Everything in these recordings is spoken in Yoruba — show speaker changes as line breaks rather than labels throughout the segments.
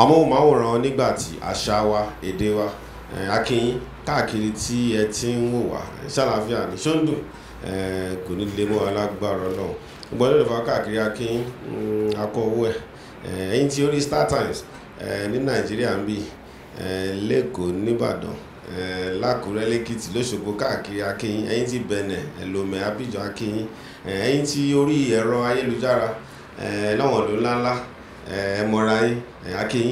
amóhùnmáwòrán nígbà tí àṣà wa èdè wa eh, akínyìn káàkiri tí ẹ ti ń wò wá sálàáfíà ní sọ́ńdùn kò ní lè mọ́ alágbára náà gbogbo káàkiri akin mm, owó ẹ̀ ẹ̀yìn tí ó rí Star Times ní Nàìjíríà ń bì lẹ́kọ̀ọ́ nìbàdàn lákùrẹ́ lẹ́kìtì lọ́ṣogbo káàkiri akin ẹ̀yìn tí Abidjan akin ẹ̀yìn tí orí ẹ̀rọ ayélujára lọ́wọ́n ló ńláńlá yín akin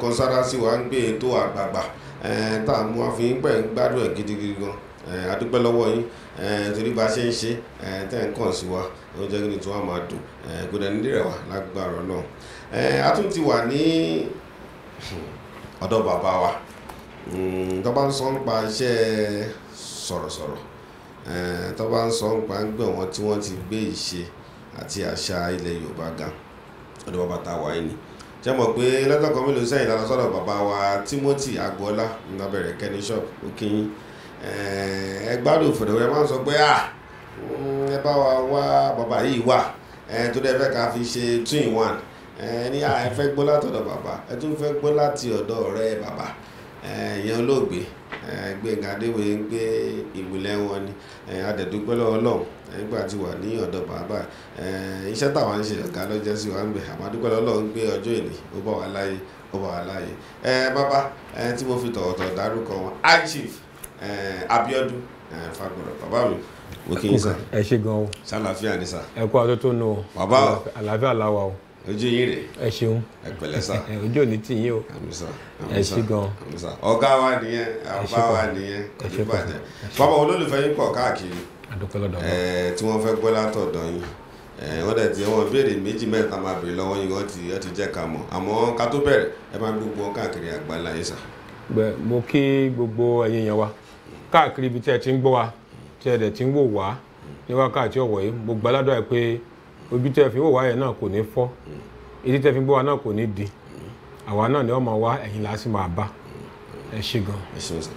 ń sára sí wa ń gbé ètò àgbààgbà gan Eh, adúpẹ́ lọ́wọ́ yín eh, torí bá a ṣe ń ṣe eh, tẹ́ ń kàn sí wa ó jẹ́ kí ni tí wọ́n máa dùn kó dẹni rẹ̀ wá náà a tún ti wà ní ọ̀dọ̀ bàbá wa hmm, tó ń sọ nípa iṣẹ́ sọ̀rọ̀sọ̀rọ̀ tó ń sọ nípa ń tí wọ́n ti gbé ìṣe àti àṣà ilẹ̀ Yorùbá gan ọ̀dọ̀ bàbá wà yìí ṣe mọ̀ pé ẹ gbádùn fòdòwò ẹ máa ń sọ pé à ẹ bá wa wá bàbá yìí wà ẹ tó dẹ fẹ́ ká fi ṣe two in one ẹ ní à ẹ fẹ́ gbọ́ látọ̀dọ̀ bàbá ẹ tún fẹ́ gbọ́ láti ọ̀dọ̀ ọ̀rẹ́ bàbá ẹ ìyẹn olóògbé Gbénga Adéwòye ń gbé ìwúlẹ̀ wọn ni adẹ̀dúpẹ́ lọ́wọ́ lọ́hùn nígbà tí wà ní ọ̀dọ̀ bàbá iṣẹ́ táwa ń ṣe ọ̀gá lọ́jọ́ sí wa ń bẹ̀ àmọ́ adúpẹ́ lọ́wọ́ lọ́hùn gbé ọjọ́ ìní ó bá wa láyé ó bá wa láyé bàbá tí mo fi tọ̀wọ̀tọ̀ dárúkọ wọn archive Eh, Abíọ́dún eh, Fagbọ̀rọ̀ bàbá mi mo kí yín sá. ẹ ṣe gan o. sálàáfíà ni sa, ẹ kú àtótó nù o. bàbá o àlàáfíà làwà o. ojú yín rè. ẹ ṣeun. ẹ pẹ̀lẹ́ sá. ojú òní tì yín o. àmì sá. ẹ ṣe gan o. àmì sá. ọ̀gá wa nìyẹn àbá wa nìyẹn kọjú bàjẹ́. bàbá olólùfẹ́ yín pọ̀ káàkiri. àdókòlọ́dọ̀ wọn. Eh, tí wọ́n fẹ́ gbọ́ látọ̀dọ̀ yín wọ́n dẹ̀ ti wọ́n béèrè méjì mẹ́ta máa béèrè lọ́wọ́ yín wọ́n ti jẹ́ ká mọ̀ àmọ́ ká tó bẹ̀rẹ̀ ẹ máa gbogbo káàkiri àgbáńlá yìí
mo kí gbogbo ẹ̀yin yẹn wa káàkiri ibi tí ẹ ti ń gbọ́ wa tí ẹ dẹ̀ ti ń wò wá ní wákàtí ọ̀wọ̀ yìí mo gbà ládùúrà pé ojú tẹ́ fi wò wá yẹn náà kò ní fọ́ tí ẹ fi gbọ́ wa náà kò ní di àwa náà ni wọ́n máa wá ẹ̀yìn làá máa bá ẹ ṣe gan.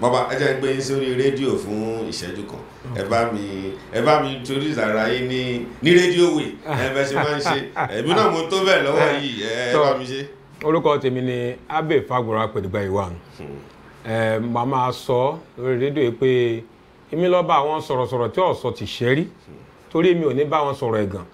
bàbá ẹ jẹ́
pé rédíò fún ìṣẹ́jú kan ẹ bá mi ẹ bá mi torí ìsàrà yín ní ní rédíò wè ẹ bẹ ṣe máa ń ṣe náà mo tó bẹ̀ lọ́wọ́ yìí ẹ bá
mi ni Abe màá máa sọ lórí rédíò yìí pé èmi lọ bá àwọn sọ̀rọ̀sọ̀rọ̀ tí ọ̀sọ̀ ti ṣẹ́rí torí èmi ò ní bá wọn sọ̀rọ̀ ẹ̀gàn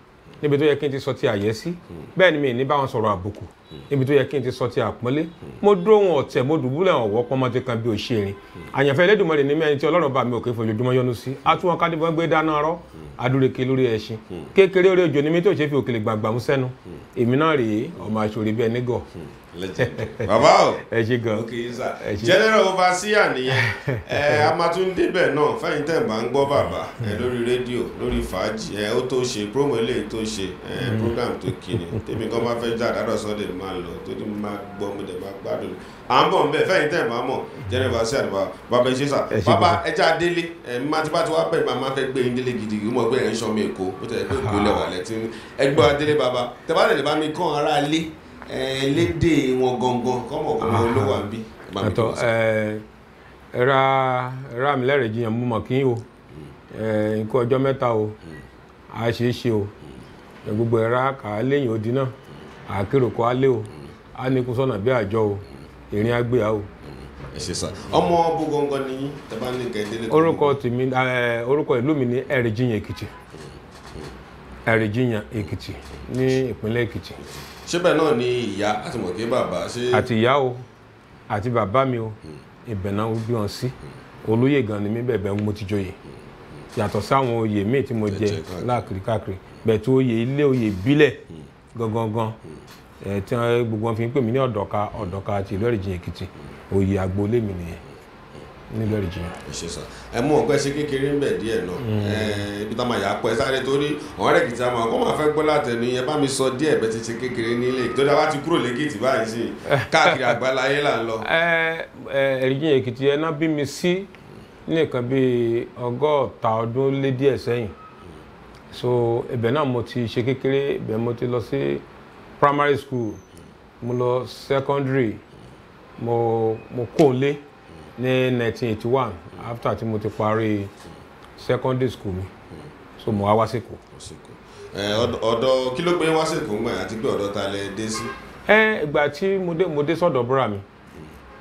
níbi tó yẹ kí n ti sọ ti àyẹ́sí bẹ́ẹ̀ ni mi ò ní bá wọn sọ̀rọ̀ àbùkù níbi tó yẹ kí n ti sọ ti àpọ́nlé mo dúró wọn ọ̀tẹ̀ mo dùbúlẹ̀ wọn wọ́pọ̀ ọmọ ti kan bí òṣèré àyànfẹ́ Elédùmarè ní mẹ́rin tí Ọlọ́run bá mi ò kí fojoojúmọ́ yọ́nú sí atúwọn kádìbọn gbé dáná rọ́ adúreke lórí ẹṣin kékeré orí òjò ni mi tó ṣe fi òkèlè gbàgbà mú sẹ́nu èmi náà rèé ọmọ aṣòrè bíi ẹni gọ̀. bàbá o ẹ ṣe gan ẹ ṣe general
overseer nìyẹn ẹ a máa tún débẹ̀ náà fẹ́yìn tẹ̀ bá ń gbọ́ bàbá ẹ lórí rédíò lórí fàájì ẹ ó tó ṣe promo eléyìí tó ṣe ẹ hmm. program tó kiri tèmi máa lọ torí mo máa gbọ́ mo dẹ̀ máa gbádùn à ń bọ̀ ń bẹ̀ fẹ́yìn tẹ̀ máa mọ̀ jẹ́nẹ́fà sí àdìbà bàbá ìṣe sà bàbá ẹja délé ẹ̀ma tí bá ti wá bẹ̀rẹ̀ máa máa fẹ́ gbé yín délé gidi yìí mo gbé ẹ̀ ń sọ mi èkó ó tẹ̀ pé èkó lẹ̀ wà lẹ́tí ẹgbẹ́ wa délé bàbá tẹ̀bá lè bá mi kàn ara lé lédè wọn gangan kọ́mọ̀ kọ́mọ o
nǹkan hmm. ọjọ́ mẹ́ta o hmm. a ṣeé ṣe o hmm. gbogbo ẹ̀ra kà á léyìn odi náà àkérò kọ́ alẹ́ o á ní kún sọ́nà bí àjọ o ìrìn o. ọmọ ṣe sá
ni tẹ́bá ní gẹ̀ẹ́dẹ́lẹ́ orúkọ
tèmi orúkọ ìlú mi ní ẹ̀rìjìyàn èkìtì ẹ̀rìjìyàn èkìtì ní ìpínlẹ̀ èkìtì.
Sebe naa náà ni ìyá àti mọ̀kẹ́ bàbá ṣe. àti
ìyá o àti bàbá mi o ibẹ̀ náà bí wọn sí olóyè gan ni mi bẹ̀bẹ̀ mo ti yàtọ̀ sáwọn oyè míì tí gangan tí gbogbo wọn fi ń pè mí ní ọ̀dọ̀ka ọ̀dọ̀ka ti ìlú ẹ̀rìjìn èkìtì òye agboolé mi nìyẹn nílùú ẹ̀rìjìn. ẹ ṣe sàn
ẹ mú ọgbẹ́ sí kékeré ńbẹ̀ díẹ̀ náà mm. ibi tá a máa yà á pẹ́ sáré torí ọ̀rẹ́ rẹ̀ kìtì àmọ́ ọkọ́ máa fẹ́ gbọ́ látẹnu yẹn bá mi sọ díẹ̀ bẹ́ẹ̀ ti ṣe kékeré nílé torí àwa ti kúrò lẹ́kìtì báyìí sí káàkiri àgbáláyé là ń lọ.
ẹ̀rìjìn èkìtì ẹ̀ náà bí mi sí ní nǹkan bíi ọgọ́ta ọdún lé díẹ̀ sẹ́yìn so ibẹ̀ náà mo ti ṣe kékeré ibẹ̀ mo ti lọ sí primary school mo lọ secondary mo mo kóòlé ní 1981 after tí mo ti parí secondary school mi so mo wá wá sí Èkó.
ọ̀dọ̀ kí ló gbé wá sí Èkó ń gbà àti pé ọ̀dọ̀ ta lẹ dé sí.
ẹ ìgbà tí mo dé mo dé sọ́dọ̀ búra mi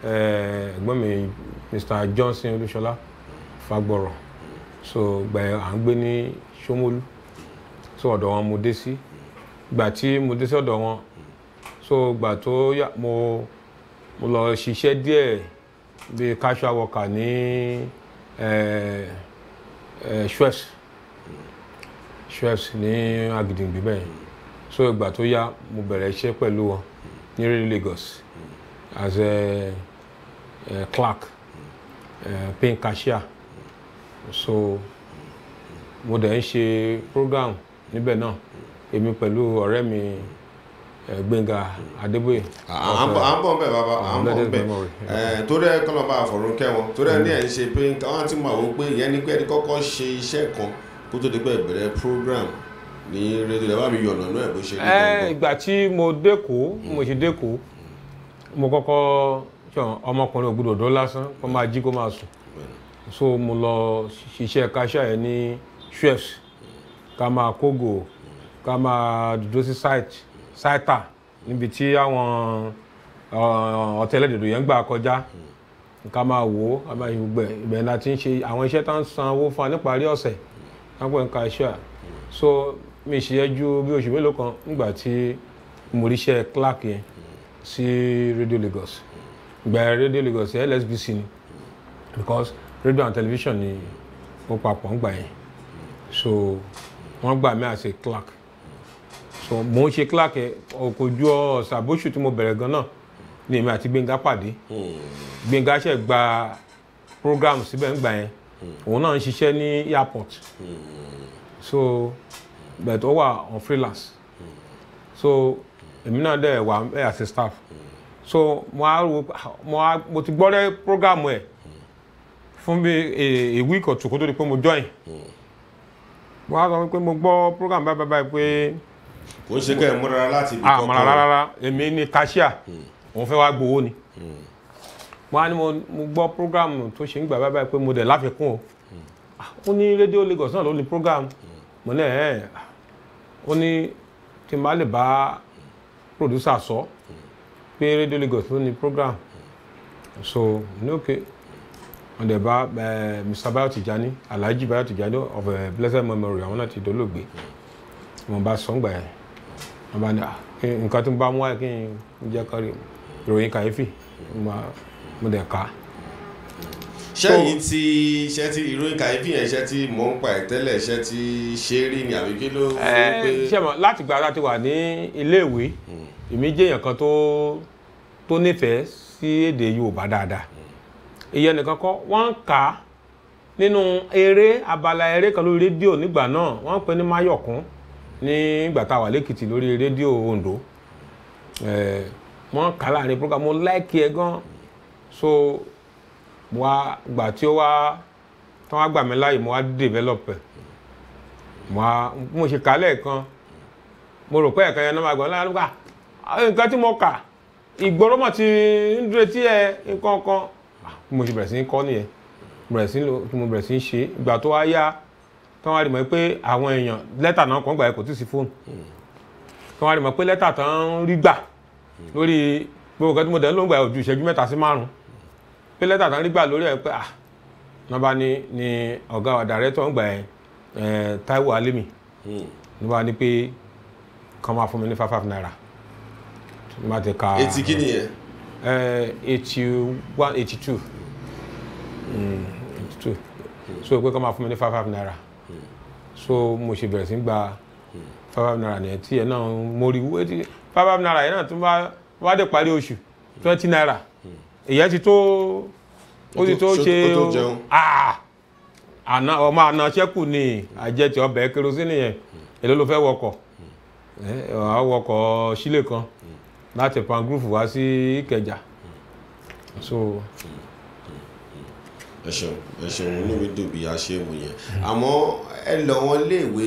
ẹ̀gbọ́n mi Mr Johnson Olúṣọlá Fagbọrọ so gbà à ń gbé ní Ṣómólú so ọ̀dọ̀ wọn mo dé sí gbà tí mo dé sí ọ̀dọ̀ wọn so gbà tó yá mo mo lọ ṣiṣẹ́ díẹ̀ bíi casual worker ní Schweppes Schweppes ní Agídìgbí bẹ́ẹ̀ so ìgbà tó yá mo bẹ̀rẹ̀ iṣẹ́ pẹ̀lú wọn ní Rail Lagos as a, a clerk uh, paying cashier so mo dẹ̀ ń ṣe program níbẹ̀ náà èmi pẹ̀lú ọ̀rẹ́ mi Gbẹ́ngà Adébóyè. à ń bọ̀ ń bẹ̀ bàbá à ń bọ̀ ń bẹ̀
torí ẹ kọ́nà bá àfọ̀rún kẹ́wọ̀n torí ẹ ní ẹ̀ ń ṣe pé káwọn ti mọ̀ àwọn pé ìyẹn ni pé ẹni kọ́kọ́ ṣe iṣẹ́ kan kó tó di pé ìbẹ̀rẹ̀ program ní rédíò ẹ̀ bá mi yọ̀nà náà bó ṣe rí gbọ̀ngàn.
ìgbà tí mo dẹ́kọ̀ mo ṣe dẹ́kọ̀ mo kọ́kọ́ ọmọkùnrin ògbúdọ̀ dọ́ lásán kó máa jí kó máa sùn so mo lọ ṣiṣẹ́ kaṣá ẹ̀ ní Schweppes kama kogo kama ká site dúró sí ṣáìtà níbi tí àwọn eh, ọ̀tẹ̀lẹ̀dẹ̀dọ̀ yẹn gbà kọjá ká máa wò ó ká máa ìgbẹ́ ìgbẹ́ náà ti ń ṣe àwọn iṣẹ́ tá ń san owó fún wa níparí ọ̀sẹ̀ lápò nǹkan iṣẹ́ à so mi ṣe yẹ ju bí oṣù mélòó kan nígbà tí mo ríṣẹ́ clerk yẹn sí Radio Lagos ìgbà Radio Lagos yẹn LSBC ni because radio and television ni ó papọ̀ ń gbà yẹn so wọ́n gbà mí àṣẹ clerk so mò ń ṣe clerk ẹ òkojú ọ̀sà bóṣù tí mo bẹ̀rẹ̀ gan náà ni èmi àti Gbénga pàdé hmm. Gbénga ṣe gba program síbẹ̀ ń gbà yẹn hmm. òun náà ń ṣiṣẹ́ ní airport hmm. so but ó wà on freelance so èmi náà dẹ̀ wà ẹ̀ àṣẹ staff so mo á wo mo á mo ti gbọ́ dẹ́ program ẹ̀ fún bí eh, a week or two kó tó di pé mo join. Mm wọ́n á sọ wípé mo gbọ́ program báyìí báyìí pé. kò ń ṣe kẹ́ ẹ̀ múra láti ibi kọ́kọ́ ah, àmọ́ rárá èmi ni cashier hmm. òun fẹ́ wá gbowó ni hmm. wọ́n á ní mo gbọ́ program tó ṣe ń gbà báyìí báyìí pé mo dẹ̀ láfikún o hmm. ah, ó ní rédíò Lagos náà ló ní program mo ní ẹ̀ ah, ó ní tí n lè bá producer sọ pé rédíò Lagos ló ní program so ní òkè. Okay wọ́n dẹ̀ bá Mr. Bayo Tijani Alhaji Bayo Tijani of Blessed Memory àwọn náà ti dolóògbé wọ́n bá sọ́ngbà yẹn wọ́n bá ní ah, nǹkan tó ń bá mú wáyé kí n jẹ́ kárí ìròyìn kàyéfì mo dẹ̀ ká
ṣẹ́yìn tí iṣẹ́ tí ìròyìn kàyéfì yẹn iṣẹ́ tí mò ń pa ẹ̀ tẹ́lẹ̀ iṣẹ́ tí ṣe rí ni àbí kí ló ń pè. láti gba ara ti wà ní iléèwé hmm.
èmi jẹ́ èèyàn kan tó nífẹ̀ẹ́ sí èdè Yorùbá dáadáa ìyẹn nìkan kọ́ wọ́n ń kà á nínú eré abala eré kan lórí rédíò nígbà náà wọ́n ń pè ní Máyọ̀kún nígbà tá a wà lẹ́kìtì lórí rédíò Ondo wọ́n kà á láàrin program mo láìkí ẹ gan so wa gbà tí ó wá tí wọ́n á gbà mí láàyè mo wá develop ẹ̀ mo ṣe kà á lẹ́ẹ̀kan mo rò pé ẹ̀ka yẹn náà máa gbọ́n láàrin ah, nǹkan tí mo kà ìgboro mọ̀ ti ń dúró tí ẹ nǹkan kan mo ṣe bẹ̀rẹ̀ sí kọ́ nìyẹn bẹ̀rẹ̀ sí mo bẹ̀rẹ̀ sí ṣe ìgbà tó wá yá tí wọ́n á rí mọ́ pé àwọn èèyàn lẹ́tà náà kàn gbà kò tí ì sí fóònù tí wọ́n á rí mọ́ pé lẹ́tà tán ń rí gbà lórí gbogbo kan mo dẹ̀ ń lò ń gbà ojú ìṣẹ́jú mẹ́ta sí márùn pé lẹ́tà tán rí gbà lórí ẹ̀ pé ah nọba ni ni ọ̀gá wa dàrẹ́tọ̀ ń gbà ẹ̀ Táíwò Alẹ́mì nọba ni pé kàn máa fún mi ní five five naira. etí kí nìyẹn. Uh, 81, 82. Mm, 82. so pé kọ́ máa naira hmm. so mo ṣe bẹ̀rẹ̀ gba hmm. five naira yẹn tí ẹ mo naira yẹn náà tún bá wá dé hmm. naira ìyẹn ti tó ó ti tó ṣe ah, ah. àná ọmọ àná ṣẹ́kù ni àjẹtì ọbẹ̀ kérosínì yẹn èló eh, kan. láti Pangúrúfù wá sí Ìkẹjà hmm. so.
ẹ ṣeun ẹ ṣeun inú mi dùn bí a ṣe mú yẹn àmọ́ ẹ lọ wọn léèwé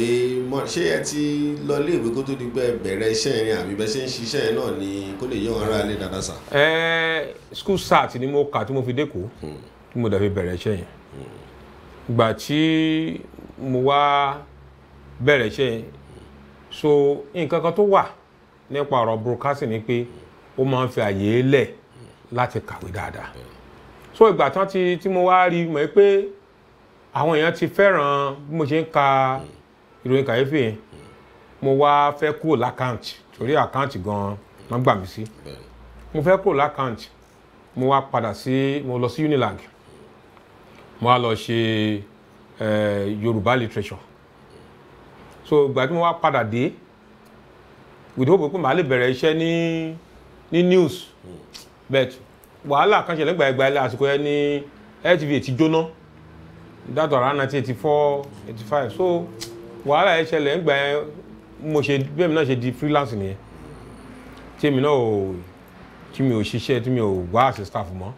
ṣé ẹ ti lọ léèwé kó tó di pé bẹ̀rẹ̀ iṣẹ́ yẹn àbí bẹ ṣe ń ṣiṣẹ́ yẹn náà ni kó lè yẹ ara lé dáadáa sà.
ẹ school sat ni mo kà tí mo fi dẹ́kọ̀ọ́ hmm. tí mo dẹ̀ fi bẹ̀rẹ̀ iṣẹ́ yẹn hmm. ìgbà tí mo wá bẹ̀rẹ̀ iṣẹ́ yẹn so nǹkan kan tó wà nípa ọ̀rọ̀ broadcasting ni pé ó máa ń fi àyè lẹ̀ láti kàwé dáadáa so ìgbà tán ti tí mo wá rí mọ̀ pé àwọn èèyàn ti fẹ́ràn bí mo ṣe ń ka ìròyìn kàyéfì yẹn mo wá fẹ́ kúrò lákàǹtì torí àkáǹtì gan-an wọ́n gbà mí sí mo fẹ́ kúrò lákàǹtì mo wá padà sí mo lọ sí Unilag mo wá lọ ṣe eh, Yorùbá literature so ìgbà tí mo wá padà dé with hope pé màá lè bẹ̀rẹ̀ iṣẹ́ ní ní news but wàhálà kan ṣẹlẹ̀ gbàgbà ilé àsìkò yẹn ní LTV ti jóná that around nineteen eighty four eighty five so wàhálà yẹn ṣẹlẹ̀ ń gbà mo ṣe bẹ́ẹ̀ mi náà ṣe di freelance nìyẹn tí èmi náà ò tí mi ò ṣiṣẹ́ tí mi ò wá àṣẹ staff mọ́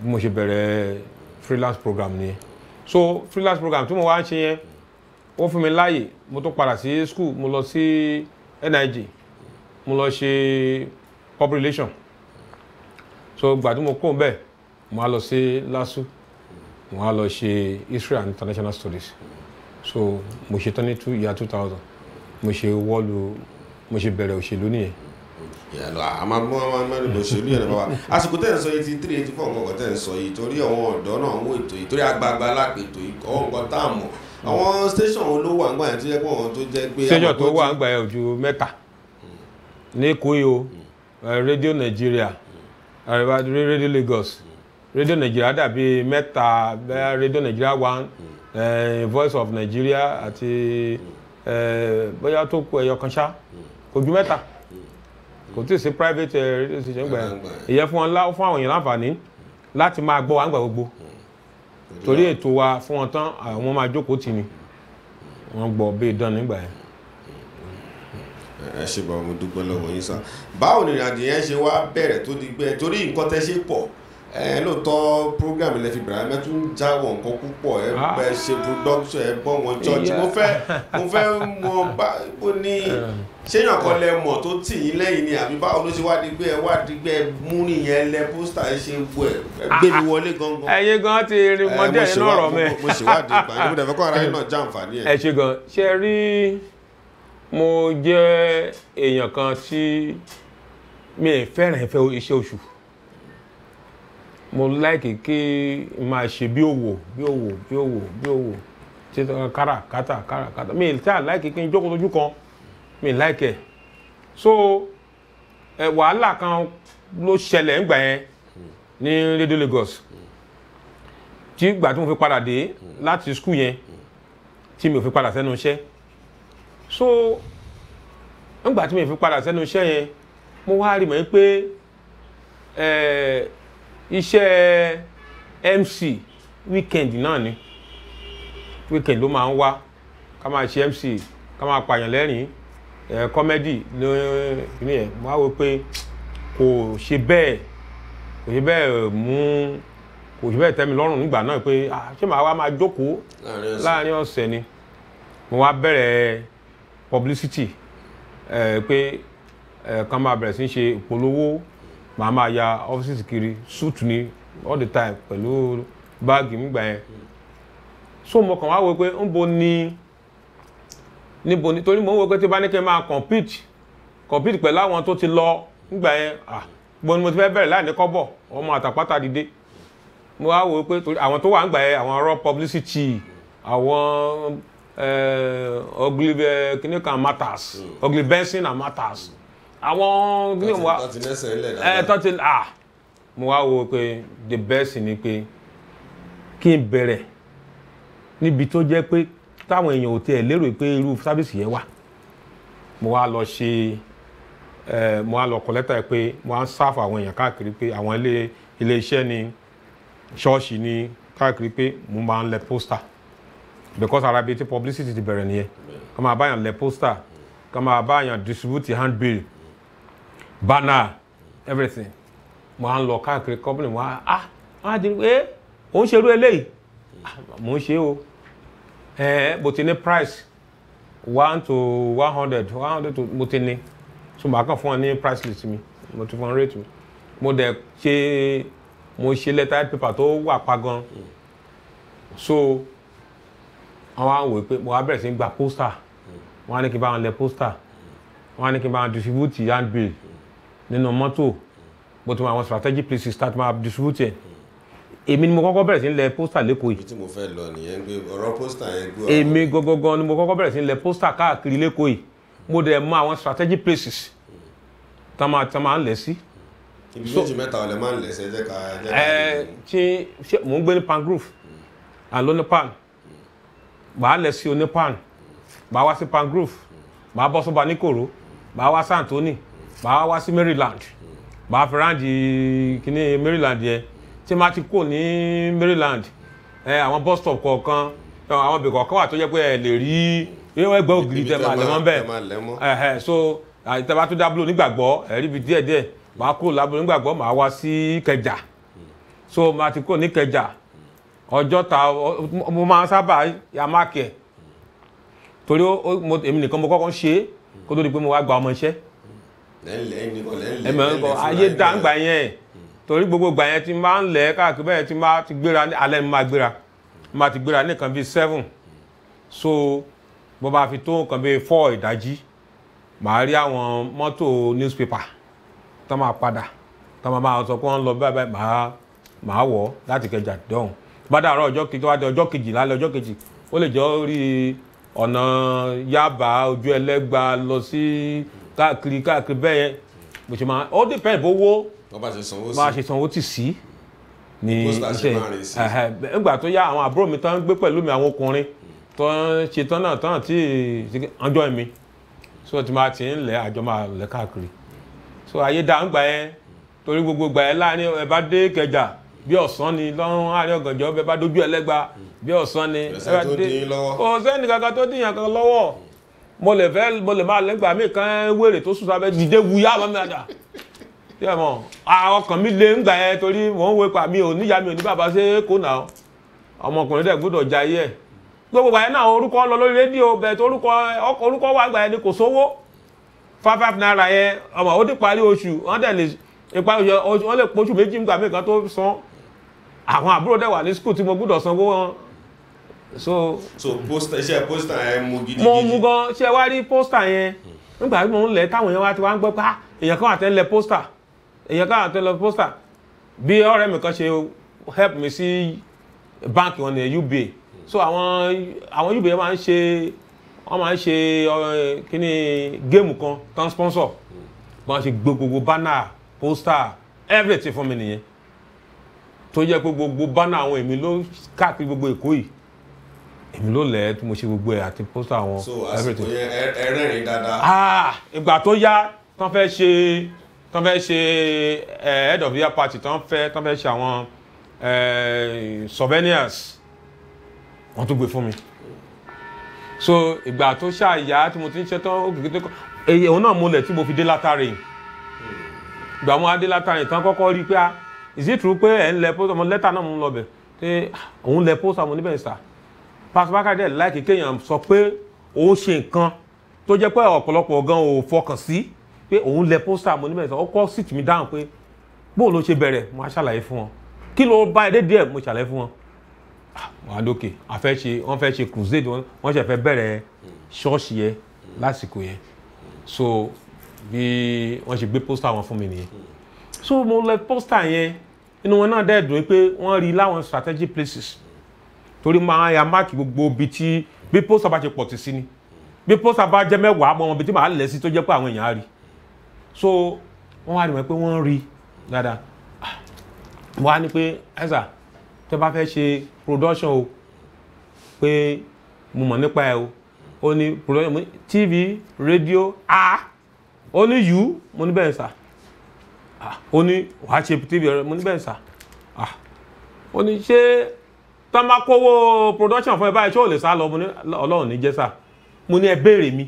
bí mo ṣe bẹ̀rẹ̀ freelance program nìyẹn so freelance program tí mo wá ń ṣe yẹn ó fún mi láàyè mo tún padà sí school mo lọ Si, NIG mo lọ ṣe public relation so gbà tí mo kó bẹ́ẹ̀ mo á lọ sí LASU mo á lọ ṣe history and international studies so mo ṣe tán ní two year two thousand mo ṣe wọ́ọ̀lù mo ṣe bẹ̀rẹ̀ òṣèlú nìyẹn. yàrá àmọ́ àmọ́ àmọ́ àmọ́ òṣèlú yẹn bá wa
àsìkò tẹ̀ ń sọ yìí ti three eighty four nǹkan tẹ̀ ń sọ yìí torí àwọn ọ̀dọ́ náà ń wò ètò yìí torí àgbààgbà alápètò yìí kọ́ tá a mọ̀ àwọn station ló wà ngbà yẹn tó jẹ́ pé àwọn tó jẹ́ station tó wà
ngbà yẹn ju mẹ́ta ní Kúyọ rédíò Nàìjíríà rédíò Lagos Radio Nigeria dàbí mẹ́ta rédíò Nàìjíríà one eh, Voice of Nigeria àti eh, bóyá tó kù ẹyọ kan ṣá kò ju mẹ́ta kò tí ì sí private eh, radio station gbà yẹn ìyẹn fún àwọn èèyàn láǹfààní láti máa gbọ́ wa nígbà gbogbo torí ètò wa fún wọn tán àwọn máa jókòó tì ní
wọn gbọ́ bẹ́ẹ̀ dán nígbà yẹn. ẹ ṣe bàbá mo dúpẹ́ lọ́wọ́ yín sá báwo ni ìrìnàjò yẹn ṣe wá bẹ̀rẹ̀ tó di gbẹ torí nǹkan tẹ́ ṣe pọ̀ ẹ lóòótọ́ program ilẹ̀ fi bẹ̀rẹ̀ mẹ́tún jáwọ́ nǹkan púpọ̀ ẹ ah. bẹ ṣe production ẹ bọ́ wọn church mo fẹ́ mo fẹ́ mọ bá ó ní ṣéyàn kan lẹ mọ̀ tó tì yín lẹ́yìn ni àbí báwo ló ṣe wá digbẹ́ ẹ wá digbẹ́ mú nìyẹn lẹ pósítà ẹ ṣe gbọ́ ẹ gbé mi ah. wọlé gangan.
ẹ̀yin gan ti rin mọ díẹ̀ nínú ọ̀rọ̀ mi. mo ṣèwádìí ìgbà yìí mo dẹ̀ fẹ́ kọ́ ara yín náà
jàǹfààní ẹ̀. ẹ
ṣe gan ṣe rí mo jẹ́ èèyàn kan tí mi fẹ́ràn ìfẹ́ iṣẹ́ oṣù mo like kí n máa ṣe bí òwò bí òwò bí òwò bí òwò ṣe kára kátà kára kátà mi tí a láìkì kí n jókòó sójú kan mi láìkì ẹ̀ so ẹ wàhálà kan ló ṣẹlẹ̀ ńgbà yẹn ní rédíò Lagos tí ìgbà tí mo fi padà dé láti skul yẹn tí mi ò fi padà sẹ́nu iṣẹ́ so ńgbà tí mi ò fi padà sẹ́nu iṣẹ́ yẹn mo wá rí mọ̀ pé ẹ̀ẹ́ iṣẹ́ MC weekend náà ni weekend ló máa ń wá ká máa ṣe MC ká máa pààyàn lẹ́rìn ẹ̀ kọ́mẹ́dì lóyún ẹ̀ wá wò pé kò ṣe bẹ́ẹ̀ kò ṣe bẹ́ẹ̀ mú kò ṣe bẹ́ẹ̀ tẹ́mi lọ́rùn nígbà náà pé ah, ṣé màá wá máa jókòó láàrin ọ̀sẹ̀ ni mo wá bẹ̀rẹ̀ publicity ẹ̀ pé ẹ̀ kàn máa bẹ̀rẹ̀ sí ṣe ìpolówó màá máa ya ọ́fíìsì kiri suit ni all the time pẹ̀lú báàgì nígbà yẹn so mo kàn wá wò pé ń ni níbo ni torí mo ń wò pé tí bá ní kí n máa compete compete pẹ̀lú àwọn tó ti lọ nígbà yẹn ah gbọ́n ni mo ti fẹ́ bẹ̀rẹ̀ láì ní kọ́bọ̀ ọmọ àtàpátá dìde mo wá wò pé torí àwọn tó wà nígbà yẹn àwọn raw publicity àwọn eh, ugly eh, kìnìkan matters mm. ugly benson and matters. Mm àwọn gbìyànjú wa ẹ tọ́tí ah mo wá wo pé the best ni pé kí n bẹ̀rẹ̀ níbi tó jẹ́ pé táwọn èèyàn ò tiẹ̀ lérò pé irú sábìsì yẹn wà mo wá lọ ṣe ẹ eh, mo wá lọ kọ lẹ́tà pé mo wá ń sáfù àwọn èèyàn káàkiri pé àwọn ilé iṣẹ́ ni ṣọ́ọ̀ṣì ni káàkiri pé mo máa ń lẹ pósítà because ara bíi ti publicity ti bẹ̀rẹ̀ nìyẹn kọ́ máa báyàn lẹ pósítà kọ́ máa báyàn distribute handbill banner everything mo à ń lọ káàkiri company mo à á ah, á di pé eh, òun ṣerú eléyìí ah, mo ń ṣe o bó ti ní price one to one hundred one hundred to mo ti ní so màá kàn fún ọ ní price list mi mo ti fún ọ rate mi mo dẹ̀ ṣe mo ṣe letter paper tó wà pa gan so àwọn àwọn wòye pé mo wá bẹ̀rẹ̀ sí gba poster wọ́n á ní kí n bá wọn lẹ̀ pósítà wọ́n á ní kí n bá wọn distribute handbill. Mm nínú mọ́tò mo ti mọ àwọn strategic places start ma distribute ẹ̀ èmi ni mo kọ́kọ́ bẹ̀rẹ̀ sí ń lẹ pósítà lẹ́kọ̀ọ́ yìí. ibi tí mo fẹ́ lọ nìyẹn gbé ọ̀rọ̀ pósítà yẹn gbé ọ̀rọ̀. èmi gangan ni mo kọ́kọ́ bẹ̀rẹ̀ sí ń lẹ pósítà káàkiri lẹ́kọ̀ọ́ yìí mo dẹ̀ mọ àwọn strategic places tá máa tá máa ń lẹ̀ sí.
ibi méjì mẹ́ta ọ̀lẹ́ máa ń lẹ̀ sí ẹ̀jẹ̀ ká ẹ̀jẹ̀ ká.
ẹ ṣe ṣe mò ń gbé ní Palm Grove and lóní pan màá lẹ̀ sí oní pan màá wá sí Palm Grove màá bọ́ sọ́ba ní Koro màá wá sí Anthony màá wá sí Maryland màá fi ráǹdì kíní Maryland yẹn tí màá ti kó ní Maryland ẹ àwọn bus stop kọ̀ọ̀kan àwọn ibì kọ̀ọ̀kan wà tó jẹ́ pé ẹ lè rí irú ẹgbẹ́ ògiri tẹ lẹ́mọ́ bẹ́ẹ̀ so àìtẹ́bá tó dábúlò nígbàgbọ́ ẹ̀rí ibi díẹ̀díẹ̀ màá kúrò lábúlò nígbàgbọ́ màá wá sí Ìkẹjà so màá ti kúrò ní Ìkẹjà Ọjọ́ta mo máa sábà ya máàkì ẹ̀ torí èmi nìkan mo kọ́kọ́ ń ṣe kó tó di pé mo wá gba ọmọ iṣẹ́
ẹ
mọ̀ nǹkan ayé dáńgbà yẹn torí gbogbo gbà yẹn ti máa ń lẹ̀ káàkiri bẹ́ẹ̀ ti máa ti gbéra alẹ́ mi máa gbéra máa ti gbéra ní nǹkan bíi seven so bó bá fi tó nǹkan bíi four ìdájí màá rí àwọn mọ́tò newspaper tó máa padà tó máa máa sọ pé wọ́n ń lọ bẹ́ẹ̀ bẹ́ẹ̀ màá màá wọ̀ láti kẹjà dọ̀hún bá dàrọ ọjọ́ kejì wá di ọjọ́ kejì lálẹ́ ọjọ́ kejì ó lè jọ rí ọ̀nà Yaba ojú ẹlẹ́gba lọ sí. Si, káàkiri káàkiri bẹ́ẹ̀ yẹn ṣe máa ó depend bówó
máa ṣe
sanwó tì sí ní iṣẹ́ nígbà tó yá àwọn àbúrò mi tán ń gbé pẹ̀lú mi àwọn ọkùnrin tó ń ṣe tán náà tán tí ọjọ́ mi so ti máa ti ń lẹ̀ àjọ máa lẹ̀ so ayé dá ń gbà yẹn gbogbo gbà yẹn ni lọ́rùn ọ̀gànjọ́ bá bí ọ̀sán ni ẹ bá mo lè fẹ́ mo lè máa lẹ́gbàá mi kan wèrè tó sùn sábẹ́ dìde wuya mọ́ mi àdá tí ẹ ọkàn mi lé ńgbà yẹn torí mò ń pa mi ò níyà mi ò ní bàbá ṣe kó nà ọ ọmọkùnrin dẹ̀ gbọ́dọ̀ jayé ẹ̀ gbogbo àyẹ̀ náà orúkọ lọ lórí rédíò orúkọ wà ni kò sówó ọmọ ó parí oṣù wọ́n dẹ̀ so so poster iṣẹ́ pósítà yẹn mú gidigidi mo mú gan ṣe wá rí poster yẹn hmm. nígbà tí mo ń lẹ̀ táwọn yẹn wá ti wá ń gbọ́ pé ah, èèyàn kan àtẹ́ ń lẹ̀ pósítà èèyàn kan àtẹ́ ń lẹ̀ pósítà bí ọ̀rẹ́ mi kan ṣe help mi sí báńkì wọn ní UBA so àwọn àwọn UBA máa ń ṣe wọ́n máa ń ṣe kíní géèmù kan tán sponsor hmm. wọ́n ṣe gbogbo banner poster everything fún mi nìyẹn tó jẹ́ pé gbogbo banner àwọn èmi ló káàkiri gbogbo Èkó yìí èmi ló lẹ̀ tí mo ṣe gbogbo ẹ̀ àti pósítà wọn. so àsìkò yẹn ẹrẹ́rìn dáadáa. ah ìgbà tó yá tán fẹ́ ṣe tán fẹ́ ṣe head of the year party tán fẹ́ tán fẹ́ ṣe àwọn souvenirs wọ́n tó gbé fún mi so ìgbà tó ṣàyà tí mo ti ń ṣe tán ó kìkì tó kọ èyí òun náà múlẹ̀ tí mo fi dé látàrí ìgbà mo adé látàrí tán kọ́kọ́ rí pé ah is it true pé ẹ̀ ń lẹ pósítà mo lẹ́tà náà mo ń lọ bẹ̀ pé ah, òun lẹ pósítà mo níbẹ̀ sà Pastor Bákàrè dẹ̀ láìkí kéèyàn sọ pé òun ṣe nǹkan tó jẹ́ pé ọ̀pọ̀lọpọ̀ gan ò fọkàn sí pé òun lẹ pósítà mo níbẹ̀ sọ ó kọ́ síìtì mi dáhùn pé bóun ló ṣe bẹ̀rẹ̀ mo á ṣàlàyé fún wọn kí ló bá ẹ dédé ẹ mo ṣàlàyé fún wọn. Ah, wọn á lókè àfẹ́ ṣe wọ́n fẹ́ ṣe crusade wọ́n ṣẹ̀fẹ́ bẹ̀rẹ̀ ṣọ́ọ̀ṣì yẹn lásìkò yẹn so bí wọ́n ṣe gbé pósítà wọn fún mi nìyẹn so mo lẹ pósítà yẹn inú wọn náà dẹ̀ dùn pé wọ́n rí láwọn strategic places. Mm torí máa ya máàkì gbogbo ibi tí bí pósà bá ṣe pọ̀ ti sí ni bí pósà bá jẹ́ mẹ́wàá mọ́ ibi tí màá lẹ̀ sí tó jẹ́ pé àwọn èèyàn á rí so wọ́n wá rí wọn pé wọ́n rí dáadáa wọ́n á ní pé ẹ̀sà tẹ́ bá fẹ́ ṣe production o pé mo mọ̀ nípa ẹ̀ o ó ní production tv radio a ó ní yù mo ní bẹ́ẹ̀ sà ó ní wàá ṣe tv mo ní bẹ́ẹ̀ sà ó ní ṣé tọ́ máa kówó production fún ẹ báyìí ṣé ò lè sá lọ ọlọ́run ní jẹ́sà mo ní ẹ mi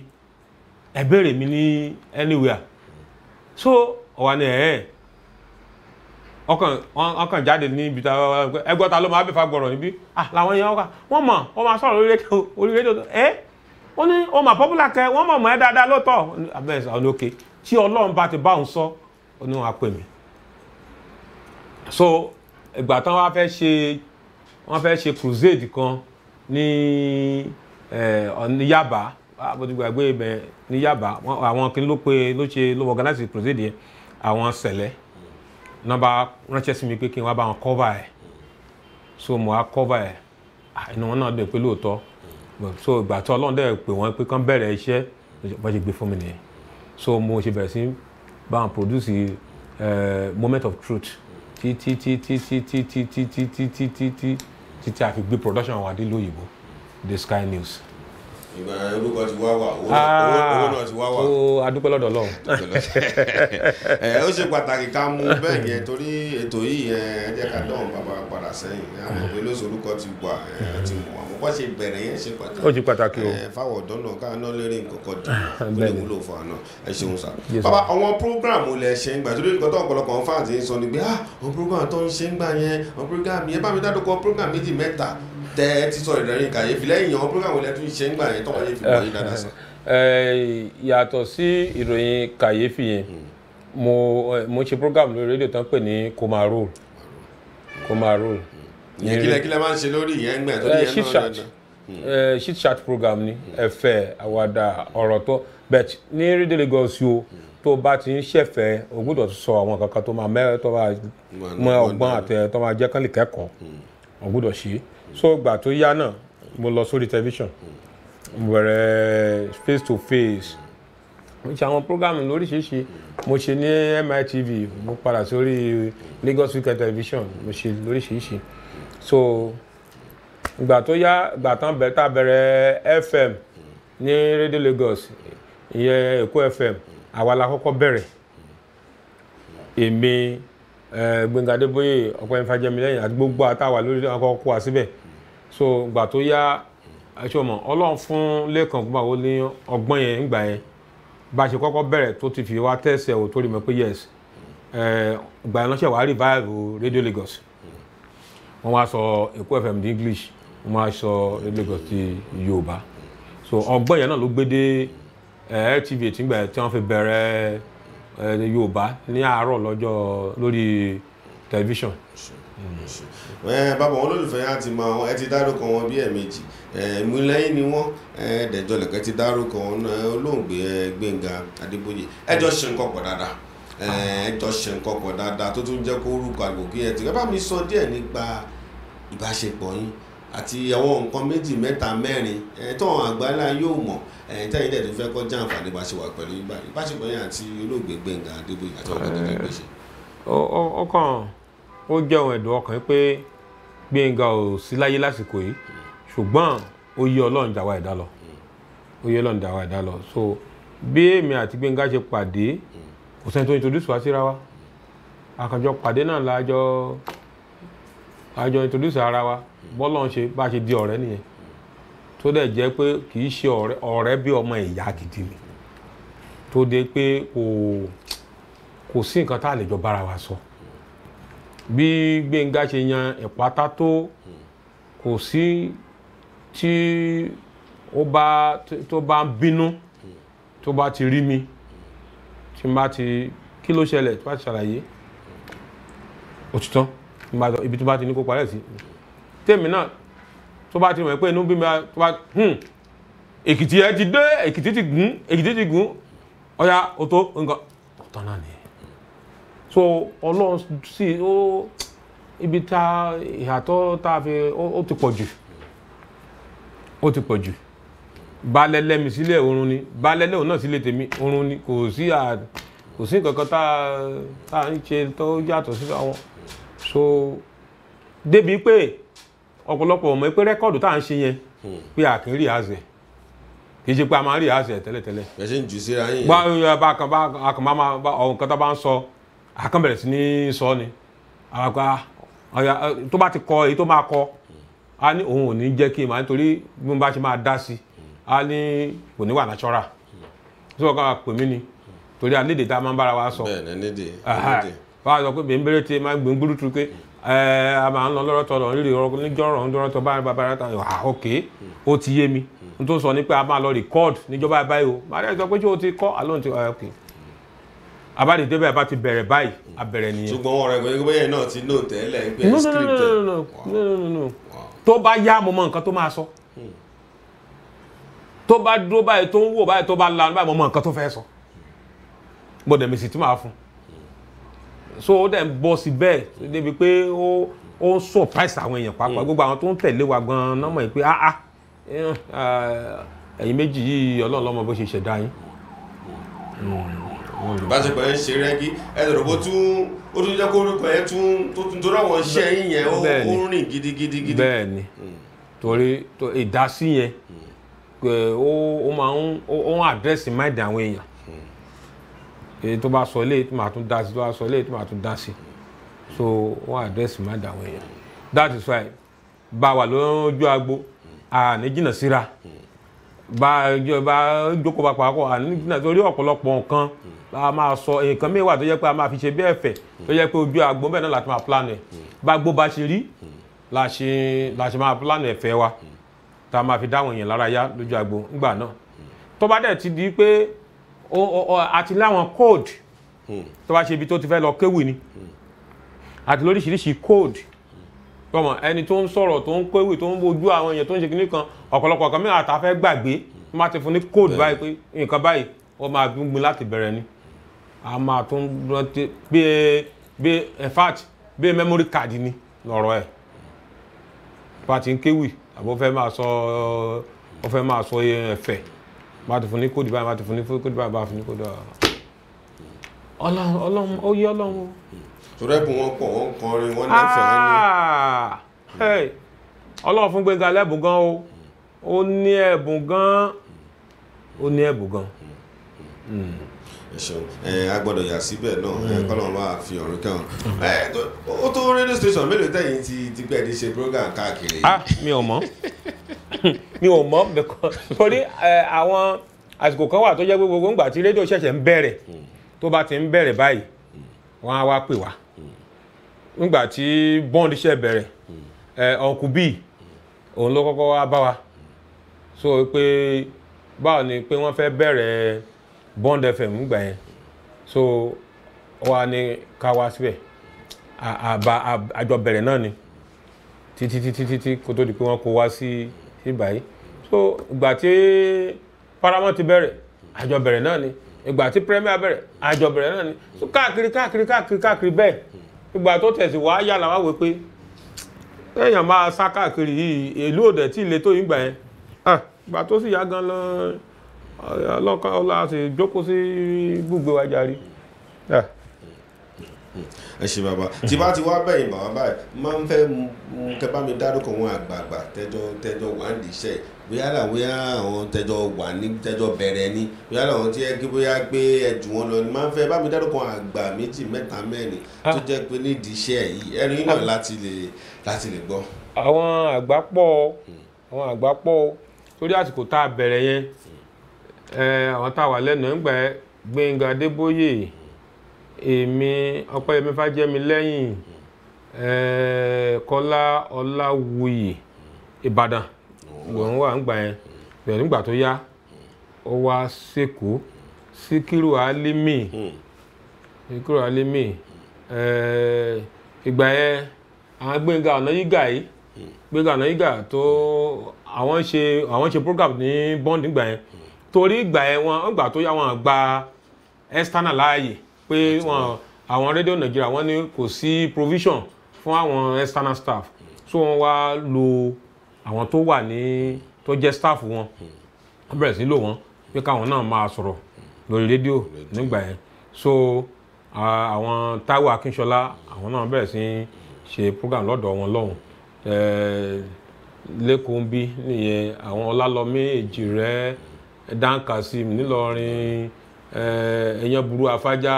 ẹ mi ní anywhere so ọ̀wà ni ẹ̀ ọkàn ọkàn jáde níbi tá ẹgbọ́n ta ló máa bẹ̀fà gbọ̀rọ̀ níbí ah làwọn èèyàn wà wọ́n mọ̀ wọ́n máa sọ̀rọ̀ orí rédíò ẹ́ ó ní o mà popular kẹ wọ́n mọ̀ mọ̀ ẹ́ dáadáa lóòótọ́ abẹ́rẹ́ sọ̀rọ̀ ní òkè tí ọlọ́run bá ti bá òun sọ ó ní wọn so ìgbà tán wá fẹ́ ṣe wọ́n fẹ́ ṣe crusade kan ní Yaba àbójúgbàgbé ibẹ̀ ní Yaba àwọn kìnnì ló pe ló ṣe ló organize crusade yẹn àwọn sẹ̀lẹ̀ náà bá ránṣẹ́ sí mi pé kí n wá bá wọn cover ẹ̀ so mo á cover ẹ̀ inú wọn náà dẹ̀ pé lóòótọ́ so ìgbà tí ọlọ́run dẹ̀ pè wọ́n pé kán bẹ̀rẹ̀ iṣẹ́ wọ́n ṣe gbé fún mi nìyẹn so mo ṣe bẹ̀rẹ̀ sí bá wọn produce moment of truth tí tí tí tí tí tí tí tí tí tí tí tí títí a fi gbé production wa dé lóyìnbó the Sky News
ìgbà orúkọ ti wá wà owó ah, náà ti wá wà. ó adúpẹ́ lọ́dọ̀ lọ. Eh, ó ṣe pàtàkì ká mú bẹ́ẹ̀ yẹn torí ètò yìí eh, ẹ jẹ́ ká dán bàbá padà sẹ́yìn àwọn òbí lóṣù orúkọ ti wà ẹ eh, ti mọ̀ àwọn bó ṣe bẹ̀rẹ̀ yẹn ṣe pàtàkì. ó ṣe pàtàkì o. fáwọn ọ̀dọ́ náà ká ná lérè nǹkan kan dì ó ah, lè wúlò fún àná ẹ ṣeun sá. bàbá àwọn program lẹ ṣe ń gbà torí nǹkan tó ọ̀pọ̀lọpọ̀ fáǹtì ń sọ ni pé ah àwọn program tó ń ṣe ń gbà yẹn àwọn program yẹn bá mi dádùkọ program méjì mẹ́ta tẹ ẹ ti sọ ìdánilẹ̀ kàyéfì lẹ́yìn àwọn program wọlé tún ṣe ń gbà yẹn tọ́wọ́ yẹn fi wọ̀nyí dáadáa sàn.
yàtọ̀ sí ìròyìn kàyéfì yẹn mo mo ṣe program lórí rédíò tó ń pè ní komarol komarol. ìyẹn kílẹ̀ kílẹ̀ máa ń ṣe lórí ìyẹn gbẹ̀ tó yẹn náà dandan hmm. shit chat program ni ẹ̀fẹ̀ àwàdà ọ̀rọ̀ tó bẹ́ẹ̀ ní rédíò Lagos yìí o tó bá ti ń ṣẹ̀fẹ̀ o gbọ́dọ̀ sọ àwọn kankan tó máa mẹ́ tó máa mọ ọgbọ́n àtẹ tó máa jẹ́ kán lè kẹ́kọ̀ọ́ hmm. o ṣe é so ìgbà tó yá náà mo lọ sórí television, mo bẹ̀rẹ̀ face to face mo ṣe àwọn programu lóríṣiríṣi mo ṣe ní MITV mo padà sórí Lagos Weekend Television mo ṣe lóríṣiríṣi so ìgbà tó yá ìgbà tán bẹ̀rẹ̀ tá bẹ̀rẹ̀ FM ní Radio Lagos ìyẹn Èkó FM àwa la kọ́kọ́ bẹ̀rẹ̀ èmi eh, Gbẹ̀ngà Adébóyè Ọpẹ́yẹmí Fájẹ́milẹ́yìn àti gbogbo àtàwà lórí ọkọ̀ kó wa síbẹ̀ so gbà tó yá ẹṣọmọ Ọlọ́run fún Lẹ́kan Ògúnbàwó ní ọgbọ́n yẹn ńgbà yẹn bá a ṣe kọ́kọ́ bẹ̀rẹ̀ tó ti fi wa tẹ̀sẹ̀ ò tó rí mi pé yes gbà yẹn lọ́sẹ̀ wàá revive Radio Lagos wọ́n wá sọ Èkó FM di English wọ́n wá sọ Radio Lagos ti Yorùbá so ọgbọ́n yẹn náà ló gbé dé LTV tí gbà tí wọ́n fi bẹ̀rẹ̀ Yorùbá ní àárọ̀ lọ́jọ́ lórí tẹlifíṣàn. Sure
bàbá wọn olólùfẹ́ yá ti mọ àwọn ẹ ti dárúkọ wọn bí ẹ̀ẹ̀mejì ìmúlẹ́yìn ni wọ́n dẹ̀jọ́ lẹ̀kẹ́ ti dárúkọ wọn olóògbé Gbẹ́ngà Adébóyè ẹjọ́ ṣe nǹkan pọ̀ dáadáa ẹjọ́ ṣe nǹkan pọ̀ dáadáa tó tún jẹ́ kó orúkọ àgbòkí ẹ̀ tí bàbá mi sọ díẹ̀ nípa ìbáṣepọ̀ yín àti àwọn nǹkan méjì mẹ́ta mẹ́rin tọ́hún àgbáńlá yóò mọ̀ tẹ́yìn dẹ̀ tó fẹ́ kọjá àǹfààní bá ṣe wà pẹ̀lú ìbáṣepọ̀ yín àti olóògbé Gbẹ́ngà Adébóyè àti ọ̀gbẹ́gbẹ́ gbèsè.
ọkàn ó jẹ́ ohun ẹ̀dùn ọkàn pé Gbénga ò sí láyé lásìkò yìí ṣùgbọ́n ó yí Ọlọ́run dàwa ẹ̀dá lọ ó yí Ọlọ́run dàwa ẹ̀dá lọ so bí èmi àti Gbénga ṣe pàdé kò sẹ́ni tó introduce wa síra wa àkànjọ pàdé náà lájọ àjọ introduce ara wa bọ́lọ̀ ń ṣe bá a ṣe di ọ̀rẹ́ nìyẹn tó dẹ̀ jẹ́ pé kì í ṣe ọ̀rẹ́ bí ọmọ ìyá gidi mi tó dé pé kò sí nǹkan tá a lè jọ bára wa sọ. So bí Gbénga ṣe yan ìpátá tó kò sí tí ó bá tó bá ń bínú tó bá ti rí mi tí n bá ti kí ló ṣẹlẹ̀ tó bá ti ṣàlàyé òtítọ́ ibi tó bá ti ní kó parẹ́ sí tèmi náà tó bá ti mọ̀ pé inú bí mi tó bá hmm, èkìtì ẹ ti dé èkìtì ti gùn èkìtì ti gùn ọ̀ya òtó nǹkan ọ̀tọ̀ náà nìyẹn so ọlọ́run sì ó ibi tá ìhàtọ́ tá a fi ó ti pọ̀ jù ó ti pọ̀ jù balẹ̀lẹ̀ mi sílẹ̀ oorun ni balẹ̀lẹ̀ òun náà sílẹ̀ tèmi oorun ni kò sí kò sí nǹkan kan tá a ń ṣe tó yàtọ̀ síra wọn so débi pé ọ̀pọ̀lọpọ̀ ọmọ pé rẹ́kọ̀dù tá à ń ṣe yẹn hmm. pé a kì í rí àzẹ̀ kì í ṣe pé a máa rí àzẹ̀ tẹ́lẹ̀tẹ́lẹ̀. ẹ ṣe ń jù síra yín. bá a kan bá a kan bá ọ̀hún kan tá a bá ń sọ àkàn bẹ̀rẹ̀ sí ní sọ ni àgbà tó bá ti kọ èyí tó máa kọ a ní òun ò ní jẹ́ kí n máa nítorí bí mo bá ṣe máa dá sí a ní kò ní wà tí wọ́n ni torí alédè tá a máa ń bára wa sọ. bẹ́ẹ̀ ní lédè wọ́n á sọ pé bèbèrè tí máa ń gbúrú tu pé a máa ń lọ lọ́rọ́ rírì ọ̀rọ̀ bá ok ó ti yé mi n tó sọ pé a máa lọ o màá sọ pé ṣé o ti kọ́ ti ok abáde débẹ̀ abá ti bẹ̀rẹ̀ báyìí abẹ̀rẹ̀ nìyẹn. ṣùgbọ́n wọn rẹ̀ gbẹ́gbẹ́ bẹ́yẹn náà ti lò tẹ́lẹ̀ gbé script. tó bá yá mo mọ nǹkan tó máa sọ tó bá dúró báyìí tó ń wò báyìí tó bá lanu báyìí mo mọ nǹkan tó fẹ́ sọ mo dẹ̀ mèsì tí màá fún so ó dẹ̀ ń bọ́ sí bẹ́ẹ̀ débi pé ó ó ń surprise àwọn èèyàn pàápàá mm. gbogbo àwọn tó ń tẹ̀lé wa gan-an náà mọ̀ pé ah ah, eh, ah ẹ̀yin méjì yìí ọlọ́run lọ́mọ bó ṣe ṣẹ̀dá yín. Mm ìbáṣepọ̀ yẹn ṣe rẹ́gí ẹ̀dọ̀rọ̀ bó
tún ó tún jẹ́ kórìkọ̀ yẹn tún tó tún torí àwọn iṣẹ́ yín yẹn ó rìn gidigidi.
bẹ́ẹ̀ ni hmm. torí ìdásí yẹn hmm. ó máa ń àdírẹ́sì máìdì àwọn èèyàn hmm. èyí tó bá sọ eléyìí tó máa tún dá sí tó bá sọ eléyìí tó máa tún dá sí so ó àdírẹ́sì máìdì àwọn èèyàn that is why báwa lójú agbo àní jìnnà síra. Mm bá bá jókòó bá pàápọ̀ àníjìnà torí ọ̀pọ̀lọpọ̀ nǹkan la máa sọ nǹkan míì tó jẹ́ pé a máa fi ṣe bí ẹ̀fẹ̀ tó jẹ́ pé ojú àgbọn bẹ́ẹ̀ náà láti máa plan ẹ̀ bá gbó bá ṣe rí la ṣe la ṣe máa plan ẹ̀fẹ̀ wa tá a máa fi dáwọn èèyàn lára yá lójú àgbọn ńgbà náà tó bá dẹ̀ ti di pé àti láwọn code tó bá ṣe ibi tó ti fẹ́ lọ kéwì ni àti lóríṣiríṣi code tọmọ ẹni tó ń sọ̀rọ̀ tó ń kéwì tó ń bojú àwọn èèyàn tó ń ṣe kinní kan ọ̀pọ̀lọpọ̀ kan mìíràn àtàfẹ́ gbàgbé wọ́n máa ti fún ní code báyìí pé nǹkan báyìí wọ́n máa bí láti bẹ̀rẹ̀ ni a máa tó ń rántí bí bí in fact bí memory card ni lọ́rọ̀ ẹ̀ bá ti ń kéwì àbí ó fẹ́ máa sọ ó fẹ́ máa sọ ẹ̀fẹ̀ máa ti fún ní code báyìí máa ti fún ní code báyìí máa ti fún ní code báyìí ọlọ́run ọlọ́run ó yé ọlọ́run o torí ẹ̀bùn wọn pọ̀ wọ́n kọrin wọ́n lẹ́fẹ̀ẹ́ wọn ní. Ah, ọlọ́run fún Gbénga lẹ́bùn gan o ó ní ẹ̀bùn gan ó ní ẹ̀bùn gan.
ẹ ṣeun ẹ a gbọ́dọ̀ yà síbẹ̀ náà ẹ hmm. kọlọ wa fi ọrùn kẹwọn ó tó rédíò station mélòó tẹ̀yin ti ti gbẹ di ṣe program káàkiri. ah mi ò mọ̀ mi ò mọ̀
torí àwọn àsìkò kan wà tó jẹ́ gbogbo ńgbà tí rédíò ṣẹ̀ṣẹ̀ ń bẹ̀rẹ̀ hmm. tó bá ti ń bẹ̀rẹ̀ báyìí wọ́n á wá pè wá ńgbà tí bond iṣẹ́ bẹ̀rẹ̀ ọ̀nkù bíi òun ló kọ́kọ́ wá bá wa sọ pé báwo ni pé wọ́n fẹ́ bẹ̀rẹ̀ bond fm ńgbà yẹn so wa ni a a síbẹ̀ àbá àjọ bẹ̀rẹ̀ náà ni títí títí títí kó tó di pé wọ́n kó wá sí ìgbà yìí so ìgbà tí paramount bẹ̀rẹ̀ àjọ bẹ̀rẹ̀ náà ni ìgbà tí premier bẹ̀rẹ̀ àjọ bere náà ni so káàkiri káàkiri káàkiri káàkiri bẹ́ẹ̀ ìgbà tó tẹ̀sí wá yà làwọn wò pé èèyàn máa sá káàkiri yìí èlú òdẹ̀ tí ìletò yìí gbà yẹn ah, ìgbà tó sì yá gan lọ ọlọ́ka ọlá sì jókòó sí gbùgbé wa jàre.
Ah. ẹ ṣe bàbá tí bá ti wá bẹ̀yìn bàbá báyìí máa ń fẹ́ kẹ bá mi dárúkọ wọn àgbààgbà tẹjọ tẹjọ wà ń dìṣẹ́ bóyá làwọn àwọn tẹjọ wà ní tẹjọ bẹ̀rẹ̀ ni bóyá làwọn tí ẹ kí bóyá pé ẹ wọn lọ ni máa ń fẹ́ bá mi dárúkọ àgbà méjì mẹ́ta mẹ́rin ah. tó jẹ́ pé nídìí iṣẹ́ yìí ẹ̀rín náà ah. láti lè láti lè gbọ́.
àwọn àgbà pọ̀ hmm. àwọn àgbà pọ̀ lórí àsìkò tá a bẹ̀rẹ̀ yẹn hmm. àwọn tá a wà lẹ́nu ẹ̀ ń gbà Gbẹ́ngà hmm. èmi Ọpẹ́yẹmí Fájẹ́milẹ́yìn Kọ́lá Ọláwuyì Ìbàdàn lòun wà ńgbà yẹn pẹ̀lú ìgbà tó yá ó wá sẹ́kọ̀ọ́ síkírù alimi síkírù alimi ìgbà yẹn àwọn gbẹ̀ngà ọ̀nà yígà yìí gbẹ̀ngà ọ̀nà yígà tó àwọn ṣe àwọn ṣe program ní bond ìgbà yẹn torí ìgbà yẹn wọn ìgbà tó yá wọn gba external láàyè pé wọn àwọn rédíò nàìjíríà wọn ní kò sí provision fún àwọn external staff so wọn wá lo àwọn tó wà ní tó jẹ́ staff wọn wọ́n bẹ̀rẹ̀ sí lò wọ́n pé káwọn náà máa sọ̀rọ̀ lórí rédíò nígbà yẹn so àwọn Táíwò Akínṣọlá àwọn náà bẹ̀rẹ̀ sí ṣe program lọ́dọ̀ wọn lọ́hùn lẹ́kọ̀ọ́ ń bí nìyẹn àwọn Ọlálọ́mí Èjìrẹ́ Dan Kasim nílọrin ẹ̀yán burú afájá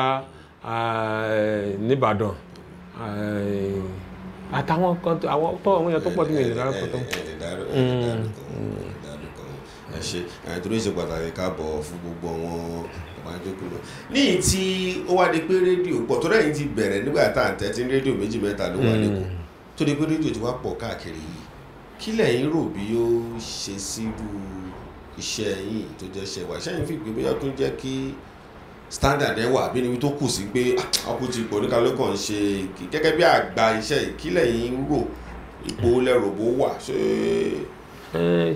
nìbàdàn àtàwọn kan tó àwọn tó àwọn èèyàn tó pọ̀ tó lè dárúkọ eh, tó. Eh,
eh, mm. ẹ ṣe àìtúrò ṣe pàtàkì káàbọ̀ fún gbogbo wọn àjọkù lọ ní tí ó wá di pé rédíò pọ̀ tó lẹ́yìn ti bẹ̀rẹ̀ nígbà tá à ń tẹ́tí rédíò méjì mẹ́ta ló wà mm. lẹ́kọ̀ọ́ tó di pé rédíò ti wá pọ̀ káàkiri yìí kí lẹ́yìn rò bí ó ṣe sírú iṣẹ́ yìí tó jẹ́ ṣe wà ṣẹ́yìn fìgbé bóyá standard ẹ wà bí ni tó kù sí pé ọkùnrin ti pọ̀ oníkàlùkọ̀ ń ṣe gẹ́gẹ́ bí àgbà iṣẹ́ ìkílẹ̀ yìí ń rò ipò lẹ́rọ̀ bó wà ṣé.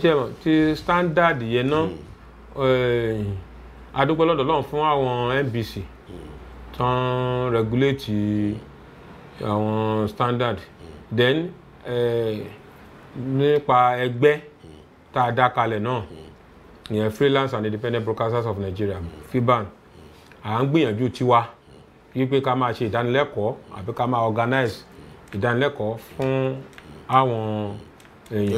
ṣe mọ̀ ti standard yẹn náà hmm. adúpẹ́ lọ́dọ̀ lọ́n fún àwọn NBC hmm. tán regulate àwọn standard hmm. then nípa ẹgbẹ́ tá a dá kalẹ̀ náà ìyẹn freelance and independent broadcasters of Nigeria FIBAN. Mm à ń gbìyànjú tiwa wípé ká máa ṣe ìdánilẹ́kọ̀ọ́ àbí ká máa organize ìdánilẹ́kọ̀ọ́ fún àwọn
èèyàn.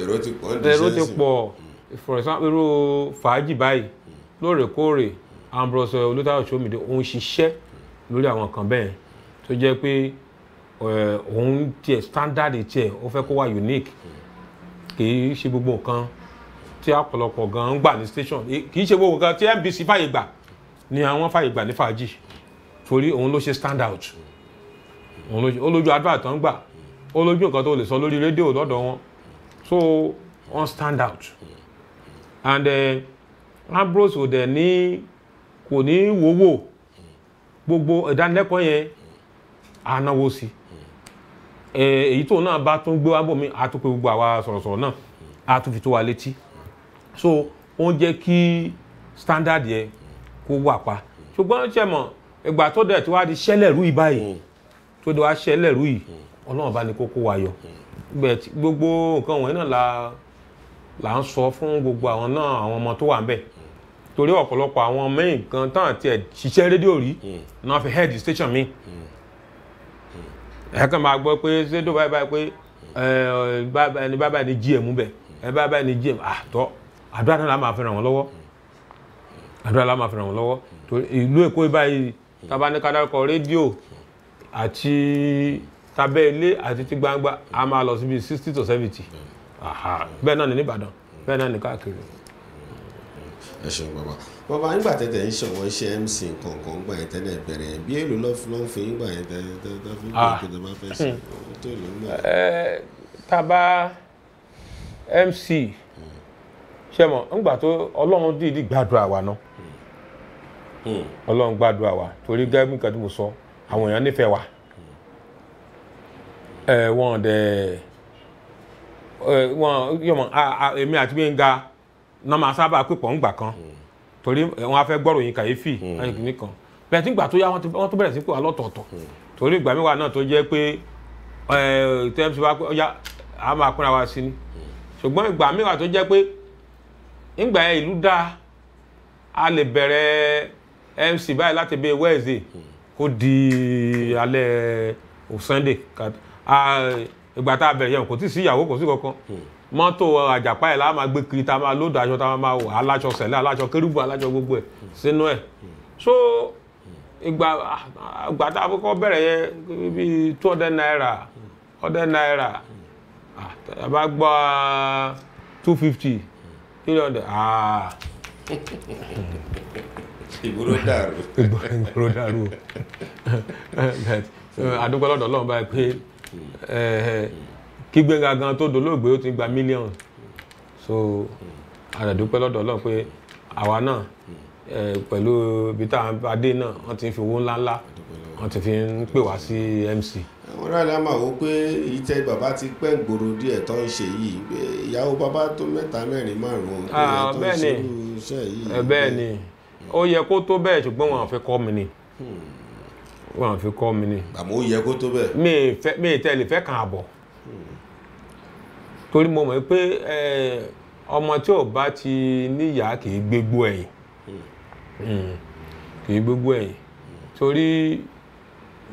èrò ti pọ̀ èrò ti pọ̀
for example irú fàájì báyìí lóòrèkóòrè Ambrose Olútáyọ̀ Ṣómìdé òun ṣiṣẹ́ lórí àwọn kan bẹ́ẹ̀ tó jẹ́ pé eh, òun tiẹ̀ standard tiẹ̀ ó fẹ́ kó wà unique kì í ṣe gbogbo nǹkan tí ọ̀pọ̀lọpọ̀ gan ń gbà ní station kì í ṣe gbogbo nǹkan tí NBC fàyè gbà ni àwọn fàyè gbà ní fàájì torí òun ló ṣe stand out òun ló ṣe advert tó ń gbà ó lójú nǹkan tó lè sọ lórí rédíò lọ́dọ̀ wọn so wọ́n stand out and uh, Ambrose ò dẹ̀ ní kò ní wòwò gbogbo ìdánilẹ́kọ̀ọ́ yẹn ànáwó sí èyí eh, tó náà bá tún gbé wá bòmí àtúpè gbogbo àwa sọ̀rọ̀sọ̀rọ̀ náà àtúfi tó wa létí so ó ń jẹ́ kí standard yẹn kó wà pa ṣùgbọ́n ṣe mọ̀ ìgbà tó dẹ̀ tí wàá di ṣẹlẹ̀rú yìí báyìí hmm. tó dẹ̀ wàá ṣẹlẹ̀rú yìí hmm. ọlọ́run bá ní kókó wa yọ hmm. gbogbo nǹkan wọ̀nyí náà la là ń sọ fún gbogbo àwọn náà àwọn ọmọ tó wà ń bẹ̀ torí ọ̀pọ̀lọpọ̀ àwọn mẹ́yìn kan tán àti ẹ̀ ṣiṣẹ́ rédíò rí náà fi head station mi ẹ̀ kàn máa gbọ́ pé ṣé tó báyìí báyìí pé ẹni báyìí ni gm bẹ̀ ẹni báyìí ni gm àtọ́ àdúrà náà la máa fi ràn wọ́n lọ́wọ́ àdúrà la máa fi ràn wọ́n lọ́wọ́ ìlú èkó báyìí tabaníkadárúkọ rédíò àti tabẹ́ ilé àti ti gbangba a máa lọ síbi sixty to seventy bẹ́ẹ̀ náà ní nìbàdàn bẹ́ẹ̀ náà ní káàkiri.
ẹ ṣeun bàbá bàbá nígbà tẹ́tẹ̀ ń ṣọ̀wọ́ iṣẹ́ mc kọ̀ọ̀kan gbà yẹn tẹ́lẹ̀ bẹ̀rẹ̀ bí èlò ló ń fi gbà yẹn tẹ́lẹ̀ tẹ́lẹ̀ fi gbà yẹn tẹ́lẹ̀ fẹ́ sí tó ìlú ń gbà. Ah.
taba mc ṣe mọ̀ ńgbà tó ọlọ́run dìídì gbàdúrà wa náà Hmm. ọlọ́run gbàdúrà wa torí gẹ́gẹ́ bí nǹkan tí mo sọ àwọn èèyàn nífẹ̀ẹ́ wa hmm. ẹ wọn dẹ ẹ wọn yọmọ èmi àti Gbénga náà máa sábà pípọ̀ ńgbà kan hmm. torí wọn á fẹ́ gbọ́rọ̀ yín kàyéfì ẹnìkìní kan bẹ́ẹ̀ tí gbà tó yá wọn tó bẹ̀rẹ̀ sí pé wà lọ́tọ̀ọ̀tọ̀ torí ìgbà mi wà náà tó jẹ́ pé ẹ tẹ́lẹ̀ tí wọ́n á a máa pínra wa sí ni ṣùgbọ́n ìgbà mi wà tó jẹ́ pé ìgbà ìlú dáa a lè bẹ̀rẹ̀ mc báyìí láti bíi wednesday kó di alẹ́ sunday ìgbà tá a bẹ̀rẹ̀ yẹn kò tí ì sí ìyàwó kò sí kankan mọ́tò àjàpá ẹ̀ la máa gbé kiri tá a máa lóòdù aṣọ tá a máa wọ̀ aláṣọ sẹ̀lẹ̀ aláṣọ kérúbù aláṣọ gbogbo ẹ̀ sínú ẹ̀ so ìgbà ìgbà tá a kọ́kọ́ bẹ̀rẹ̀ yẹn bíi two hundred naira hundred naira ah, a bá gbọ́ two fifty three hundred ah ìgboro dàrú. ìgboro dàrú adúgbò lọ́dọ̀ Ọlọ́run báyìí pé hmm. eh, eh, kígbéra gan tó dolóògbé ó ti gba mílíọ̀nù so àdàdúpẹ́ hmm. lọ́dọ̀ Ọlọ́run pé àwa náà hmm. eh, pẹ̀lú ibi tá a dé náà wọ́n ti fi owó ńláńlá wọ́n ti fi ń pè wá sí MC.
àwọn ará ìlànà wo pé ìtẹ́ bàbá ti pẹ́ gbòòrò díẹ̀ tó ń ṣe yìí ìyàwó bàbá tó mẹ́ta mẹ́rin márùn-ún ah, tó ń ṣe irú iṣẹ́ yìí
ó yẹ kó tó bẹ́ẹ̀ ṣùgbọ́n wọn àfi kọ́ mi ni hmm. wọn àfi kọ́ mi ni. àmọ́ ó yẹ kó tó bẹ́ẹ̀. mi fẹ́ mi tẹ́lẹ̀ fẹ́ kàn àbọ̀ torí mo mọ̀ pé ọmọ tí ò bá ti níyà kì í gbégbó ẹ̀yìn hmm. kì í gbégbó ẹ̀yìn torí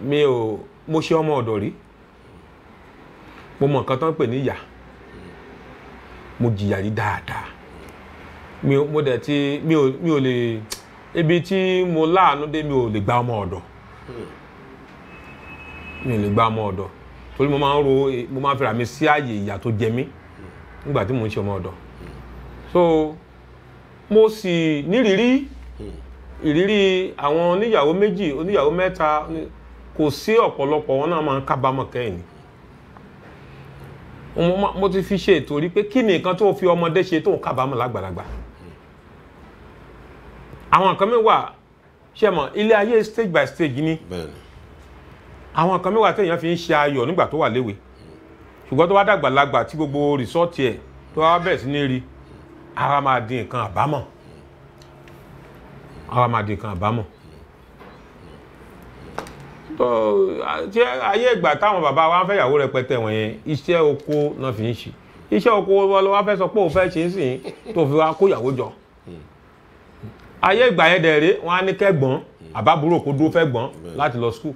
mi ò mo ṣe ọmọ ọ̀dọ̀ rí mo mọ̀ nǹkan tó ń pè níyà mo jìyà rí dáadáa mi ò mo dẹ̀ ti mi ò mi ò lè. Le ibi tí mo láàánú dé mi ò lè gba ọmọ ọ̀dọ̀ hmm. mi ò lè gba ọmọ ọ̀dọ̀ torí mo máa ń ro mo máa ń fẹ́ra mi sí ààyè ìyà tó jẹ mí hmm. nígbà tí mo ń ṣe ọmọ ọ̀dọ̀ hmm. so mo sì nírírí ìrírí àwọn oníyàwó méjì oníyàwó mẹ́ta kò sí ọ̀pọ̀lọpọ̀ wọn náà máa ń kábàámọ̀ kẹ́yìn ni mo ti fi ṣe ètò rí pé kí ni nǹkan tó fi ọmọdé ṣe tó ń kábàámọ̀ lágbàlagbà àwọn nǹkan mi wà ṣe mọ̀ ilé ayé stage by stage ni àwọn nǹkan mi wà téèyàn fi ń ṣe ayọ̀ nígbà tó wà léwe ṣùgbọ́n tó bá dàgbà lagbà tí gbogbo rìsọ́ọ̀tì ẹ̀ tó wá bẹ̀rẹ̀ sí ní rí ara máa di nǹkan àbámọ̀ ara máa di nǹkan àbámọ̀ tó ṣe ayé ìgbà táwọn bàbá wa ń fẹ́ ìyàwó rẹpẹtẹ wọ̀nyẹn iṣẹ́ oko náà fi ń ṣe iṣẹ́ oko wọn ló wá fẹ́ sọ pé òun fẹ́ ṣe é sìn tó fi wá kó ìyàwó jọ. Hmm ayé ìgbà yẹn dẹ̀ rèé wọ́n á ní kẹ́gbọ́n àbábúrò kó dúró fẹ́ gbọ́n láti lọ skul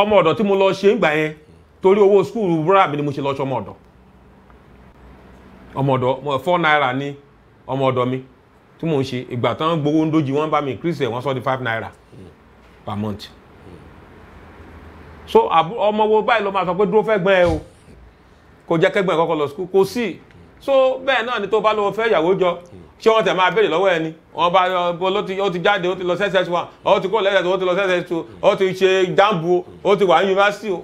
ọmọ ọ̀dọ̀ tí mo lọ ṣe ń gbà yẹn torí owó skul búrà mi ni mo ṣe lọ ṣe ọmọ ọ̀dọ̀ ọmọ ọ̀dọ̀ four naira ni ọmọ ọ̀dọ̀ mi tí mo ń ṣe ìgbà tán gbowó ń dójì wọ́n bá mi increase ẹ̀ wọ́n sọ di five naira per month so ọmọ wo báyìí ló máa sọ pé dúró fẹ́ gbọ́n ẹ o kò jẹ́ kẹ́gbọ́n ẹ̀ kọ́kọ́ lọ skul kò sí so bẹ́ẹ̀ náà ni tó bá lọ́wọ́ fẹ́ ìyàwó jọ ṣé wọ́n tẹ̀ máa béèrè lọ́wọ́ ẹni wọ́n bá ó ti ó ti jáde ó ti lọ ss one ó ti kó lẹ́sẹ̀ ó ti lọ ss two ó ti ṣe jambu ó ti wà ní yunifásitì o.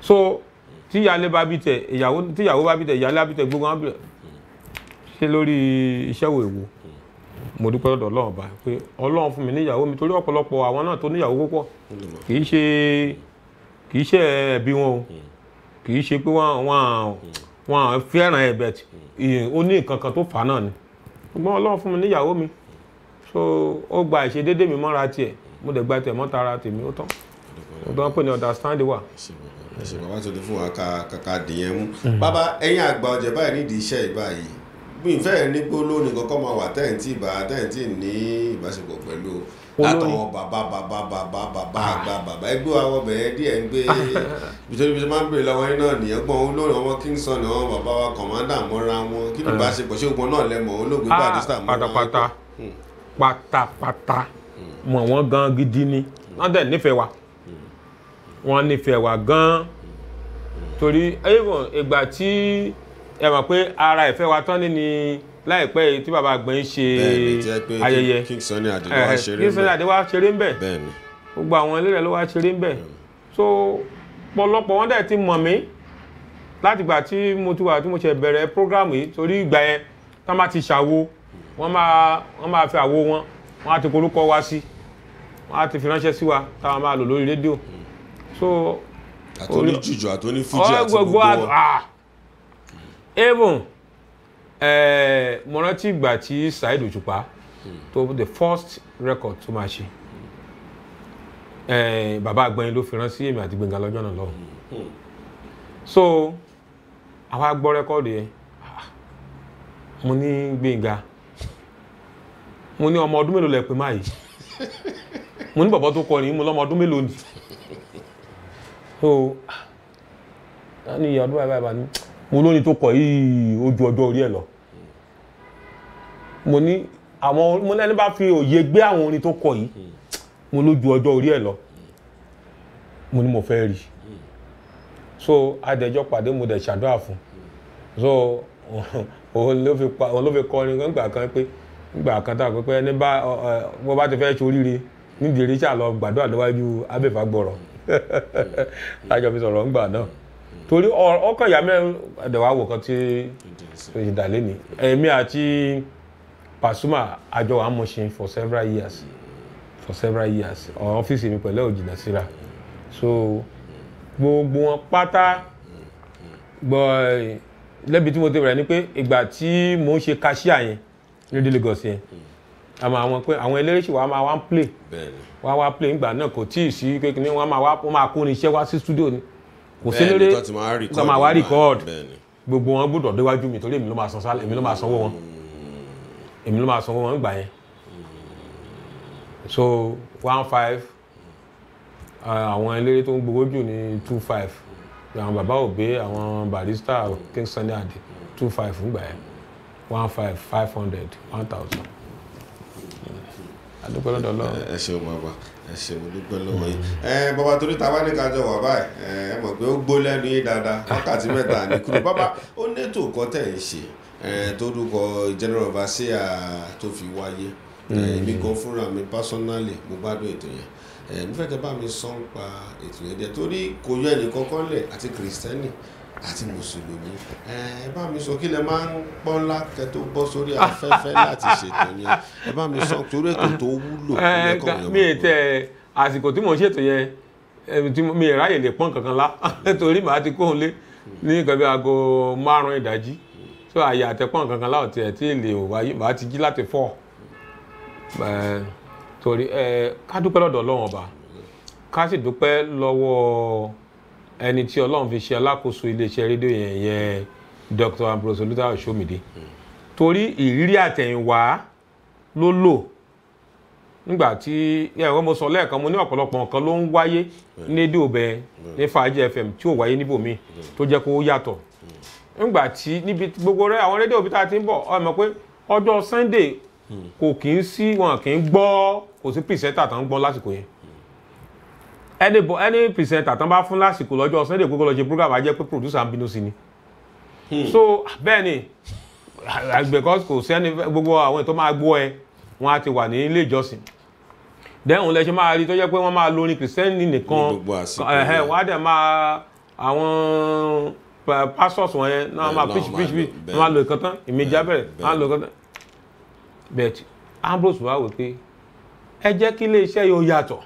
so tí ìyáálé bá bí tẹ ìyàwó tí ìyàwó bá bí tẹ ìyáálé bí tẹ gbogbo wọn bìrẹ ṣe lórí iṣẹ́ wo èwo mo dúpẹ́ lọ́dọ̀ ọlọ́run ọba pé ọlọ́run fún mi níyàwó mi torí ọ̀pọ̀lọpọ̀ àwọn náà tó níyàwó púpọ̀ kì í ṣe kì í ṣe ẹbí wọn o kì í ṣe pé wọ́n àwọn àwọn wọn fẹ́ràn ẹ̀ bẹ̀t ó ní nǹkan kan tó fà náà ni ṣùgbọ́n ọlọ́run fún mi níyàwó mi so ó gba ìṣedédé mi mọ́ra tiẹ̀ mo dẹ̀ gba tiẹ̀ mọ́ta ara tèmi ó tán ó tán pé ní understand wà ṣe
bàbá tó lè fún wa kàkà dìyẹn mú bàbá ẹ̀yin àgbà ọ̀jẹ̀ báyìí nídìí iṣẹ́ ìbáyìí bí ìfẹ́ ẹ̀ ní gbólóhùn nìkan kọ́ máa wà tẹ́ǹtì ìbá tẹ́ǹtì ní ìbáṣepọ̀ pẹ̀lú látọwọ́ bàbá bàbá bàbá bàbá àgbà bàbá ẹgbẹ́ wa wọ bẹ̀rẹ̀ díẹ̀ ń gbé bìtẹ́bí bìtẹ́bí máa ń bèrè lọ́wọ́ yín nìyẹn gbọ́n olórin ọmọ Kingston ọmọ bàbá wa kọ̀mọ́dà mọ́ra wọn kí ni eh. bá ṣe pọ̀ ṣé ogun náà lẹ́mọ̀ olóògbé ah, Barrister mọ́ra wọn. pátápátá
hmm. pátápátá mọ̀ wọ́n gan gidi ni wọ́n dẹ̀ nífẹ̀ẹ́ wa wọ́n nífẹ̀ẹ́ wa gan torí ẹ̀yìn ìgbà tí ẹ mọ̀ pé ara ìfẹ́ wa tán ní ni láìpẹ́ yìí tí bàbá Àgbọ̀n
ṣe ayẹyẹ King Sunny Adéwà ṣeré ń bẹ̀
gbogbo àwọn eléré ló wá ṣeré ń bẹ̀ so pọ̀lọpọ̀ wọn dẹ̀ ti mọ̀ mí látìgbà tí mo ti wà tí mo ṣe bẹ̀rẹ̀ program yìí torí ìgbà yẹn tán bá ti ṣàwo wọ́n máa wọ́n máa fi àwo wọn wọ́n á ti korúkọ wa sí wọ́n á ti fi ránṣẹ́ sí wa táwọn máa lò lórí rédíò so. àtọ́ní jùjọ
àtọ́ní fújì àti gbogbo wọn. Ah,
even mo rántí ìgbà tí Saheed Òṣùpá tó the first record tó máa ṣe bàbá àgbọ̀nyin ló fi rán sí èmi àti Gbẹ̀ngà lọ́jọ́ náà so àwa gbọ́ rẹ́kọ́ọ̀dù yẹn ah, mo ní Gbẹ̀ngà mo ní ọmọ ọdún mélòó lẹ máa yìí mo ní bàbá tó kọ ni mo lọ́mọ ọdún mélòó ni so ah, ọdún báyìí mo lóni tó kọ yìí ojú ọjọ́ orí ẹ̀ lọ mo ní àwọn mo lẹ́ni bá fi òye gbé àwọn orin tó kọ yìí mo lójú ọjọ́ orí ẹ̀ lọ mo ní mo fẹ́ rí so adẹjọ́ pàdé mo dẹ̀ ṣàdúrà fún so òun ló fi kọrin nígbà kan pé nígbà kan tá a pé pé ẹni bá wọ́n bá ti fẹ́ ṣoríire nídìí ríṣà lọ gbàdúrà lọ́wájú abẹ́fà gbọ̀rọ̀ lájọ fi sọ̀rọ̀ ńgbà náà torí ọkọ̀ ìyá mẹ́rin ẹ̀dẹ̀wà wò kan tí ìdàlẹ́ ni èmi àti Pasuma àjọ wa mọ̀ṣin for several years mm. for several years ọ́fíìsì mi pẹ̀lú òjìnà síra so gbogbo wọn pátá gbọ́ lẹ́bi tí mo ti rẹ̀ ni pé ìgbà tí mo ń ṣe kaṣíà yẹn ní Lagos yẹn àmọ́ mm. àwọn pé àwọn eléré ṣì wá máa wá ń play wá wá play ńgbà náà kò tíì sí pé kí máa wá kó ní iṣẹ́ wá sí studio ni kò sí lórí
tó máa wá record
gbogbo wọn gbọ́dọ̀ déwájú mi torí èmi ló máa san sálẹ̀ èmi ló máa sanwó wọn hmm. èmi ló máa sanwó wọn gbà yẹn so one five uh, àwọn eléré tó ń gbowó jù ní two five àwọn bàbá òbí àwọn barista king sunday adi two five ń gbà yẹn one
five five hundred one thousand ẹ ṣeun bàbá ẹ ṣe mo dúpẹ́ lọ́wọ́ yìí ẹ bàbá torí ta bá ní ká jọ wà báyìí ẹ mọ̀ pé ó gbó lẹ́nu yìí dáadáa wákàtí mẹ́ta ní kúrò bàbá ó nètò kan tẹ̀ ń ṣe tó dúkọ general vasia tó fi wáyé hmm. èmi gan fúnra mi personally mo gbádùn ètò yẹn mo fẹ́ kẹ́ bá mi sọ́n pa ètò yẹn díẹ̀ torí kò yọ ẹnì kankan lẹ̀ àti kìrìsìtẹ́nì àti mùsùlùmí ẹ bá mi sọ kí lẹ máa ń pọ́n ńlá kẹ tó bọ́ sórí afẹ́fẹ́ láti ṣètò yẹn ẹ bá mi sọ torí ètò tó wúlò lẹ́kọ̀ọ́ yẹn. mi
tẹ àsìkò tí mo ṣètò yẹn mi ráyè lè pọ́n kankan lá nítorí màá ti kóhun lé ní nǹkan bí aago márùn-ún ìdájí tó àyè àtẹ̀pọ́n kankan láwọn tiẹ̀ tí èlé ò wáyé màá ti jí láti fọ́ torí ká dúpẹ́ lọ́dọ̀ Ọlọ́run ọba ká sì dúpẹ́ lọ́wọ́ ẹni tí ọlọ́run fi ṣe alákòóso iléeṣẹ́ rédíò yẹn yẹn Dr. Ambrose Olútáyọ̀ Ṣómìdé torí ìrírí àtẹ̀yìnwá ló lò nígbà tí ẹ̀rọ mo sọ lẹ́ẹ̀kan mo ní ọ̀pọ̀lọpọ̀ nǹkan ló ń wáyé nídìí òbẹ̀ ní Fàájì FM tí ò wáyé níbòmí tó jẹ́ kó yàtọ̀ nígbà tí níbi gbogbo rẹ àwọn rédíò òbí tá a ti ń bọ̀ ọ mọ̀ pé ọjọ́ Sunday kò kì í sí wọn kì í gbọ́ kò sí pìṣẹ́tà tó gbọ́ lásìkò yẹn ẹni bọ ẹni pìrìsẹ̀ntà tán bá fún lásìkò lọ́jọ́ sunday gbogbo lọ́jọ́ program á pé producer bínú sí ni hmm. so bẹ́ẹ̀ ni because kò sẹ́ni gbogbo àwọn tó máa gbọ́ ẹ wọn á ti wà ní ilé ìjọsìn dẹ́hùn lẹ́sẹ̀ máa rí tó jẹ́ pé wọ́n máa lo orin kìrìsìtẹ́nì nìkan wọ́n á dẹ̀ máa àwọn pastors wọn yẹn náà máa preach preach preach wọ́n máa lo ìkan tán ìmìjà bẹ̀rẹ̀ wọ́n á lo ìkan but Ambrose wá wò ẹ jẹ́ kí ilé iṣẹ́ yóò yàtọ̀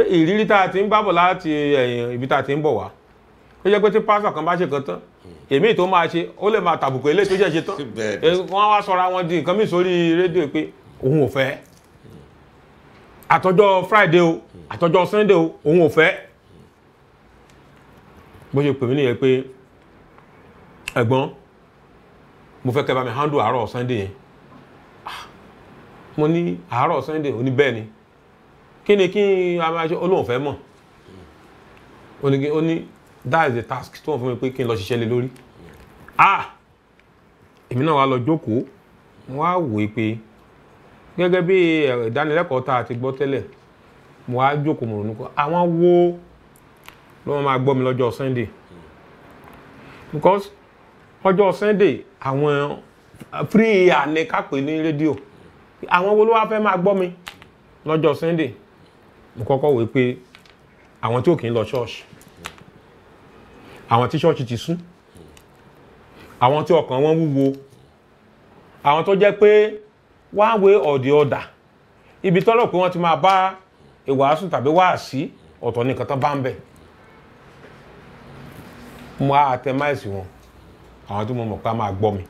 pé ìrírí tá a ti ń bábọ̀ láti ẹ̀yìn ibi tá a ti ń bọ̀ wá ó jẹ́ pé tí pásítọ̀ kan bá ṣe kan tán èmi tó máa ṣe ó lè máa tàbùkù eléyìí tó jẹ́ ṣe tán wọ́n wá sọra wọn di nǹkan mí sórí rédíò pé òun ò fẹ́ àtọjọ́ Friday o àtọjọ́ Sunday o òun ò fẹ́ bó ṣe pè mí nìyẹn pé ẹ̀gbọ́n mo fẹ́ kẹ́ bá mi handle àárọ̀ Sunday yẹn ah, mo ní àárọ̀ Sunday ò ní bẹ́ẹ̀ ni kí ni kí a máa ṣe olóhùn fẹ́ mọ̀ ó ní that is the task tí wọ́n fún mi pé kí n lọ ṣiṣẹ́ lé lórí ah èmi náà wá lọ jókòó mo wá wòó pé gẹ́gẹ́ bí eh, ìdánilẹ́kọ̀ọ́ tá a ti gbọ́ tẹ́lẹ̀ mo wá jókòó mo ronú kọ́ àwọn wo ló máa gbọ́ mi lọ́jọ́ Sunday because ọjọ́ Sunday àwọn free air ni ká pè ní rédíò àwọn wo ló wá fẹ́ máa gbọ́ mi lọ́jọ́ Sunday mo kọ́kọ́ wòó pé àwọn tí ò kì í lọ ṣọ́ọ̀ṣì àwọn tí ṣọ́ọ̀ṣì ti sún àwọn tí ọkàn wọn wúwo àwọn tó jẹ́ pé one way or the other ibi tọ́lọ̀ pé wọ́n ti máa bá ìwàásù tàbí wáàsí ọ̀tọ̀ nìkan tán bá ń bẹ̀ mo á àtẹmáìsì wọn àwọn tí mo mọ̀ pé a máa gbọ́ mi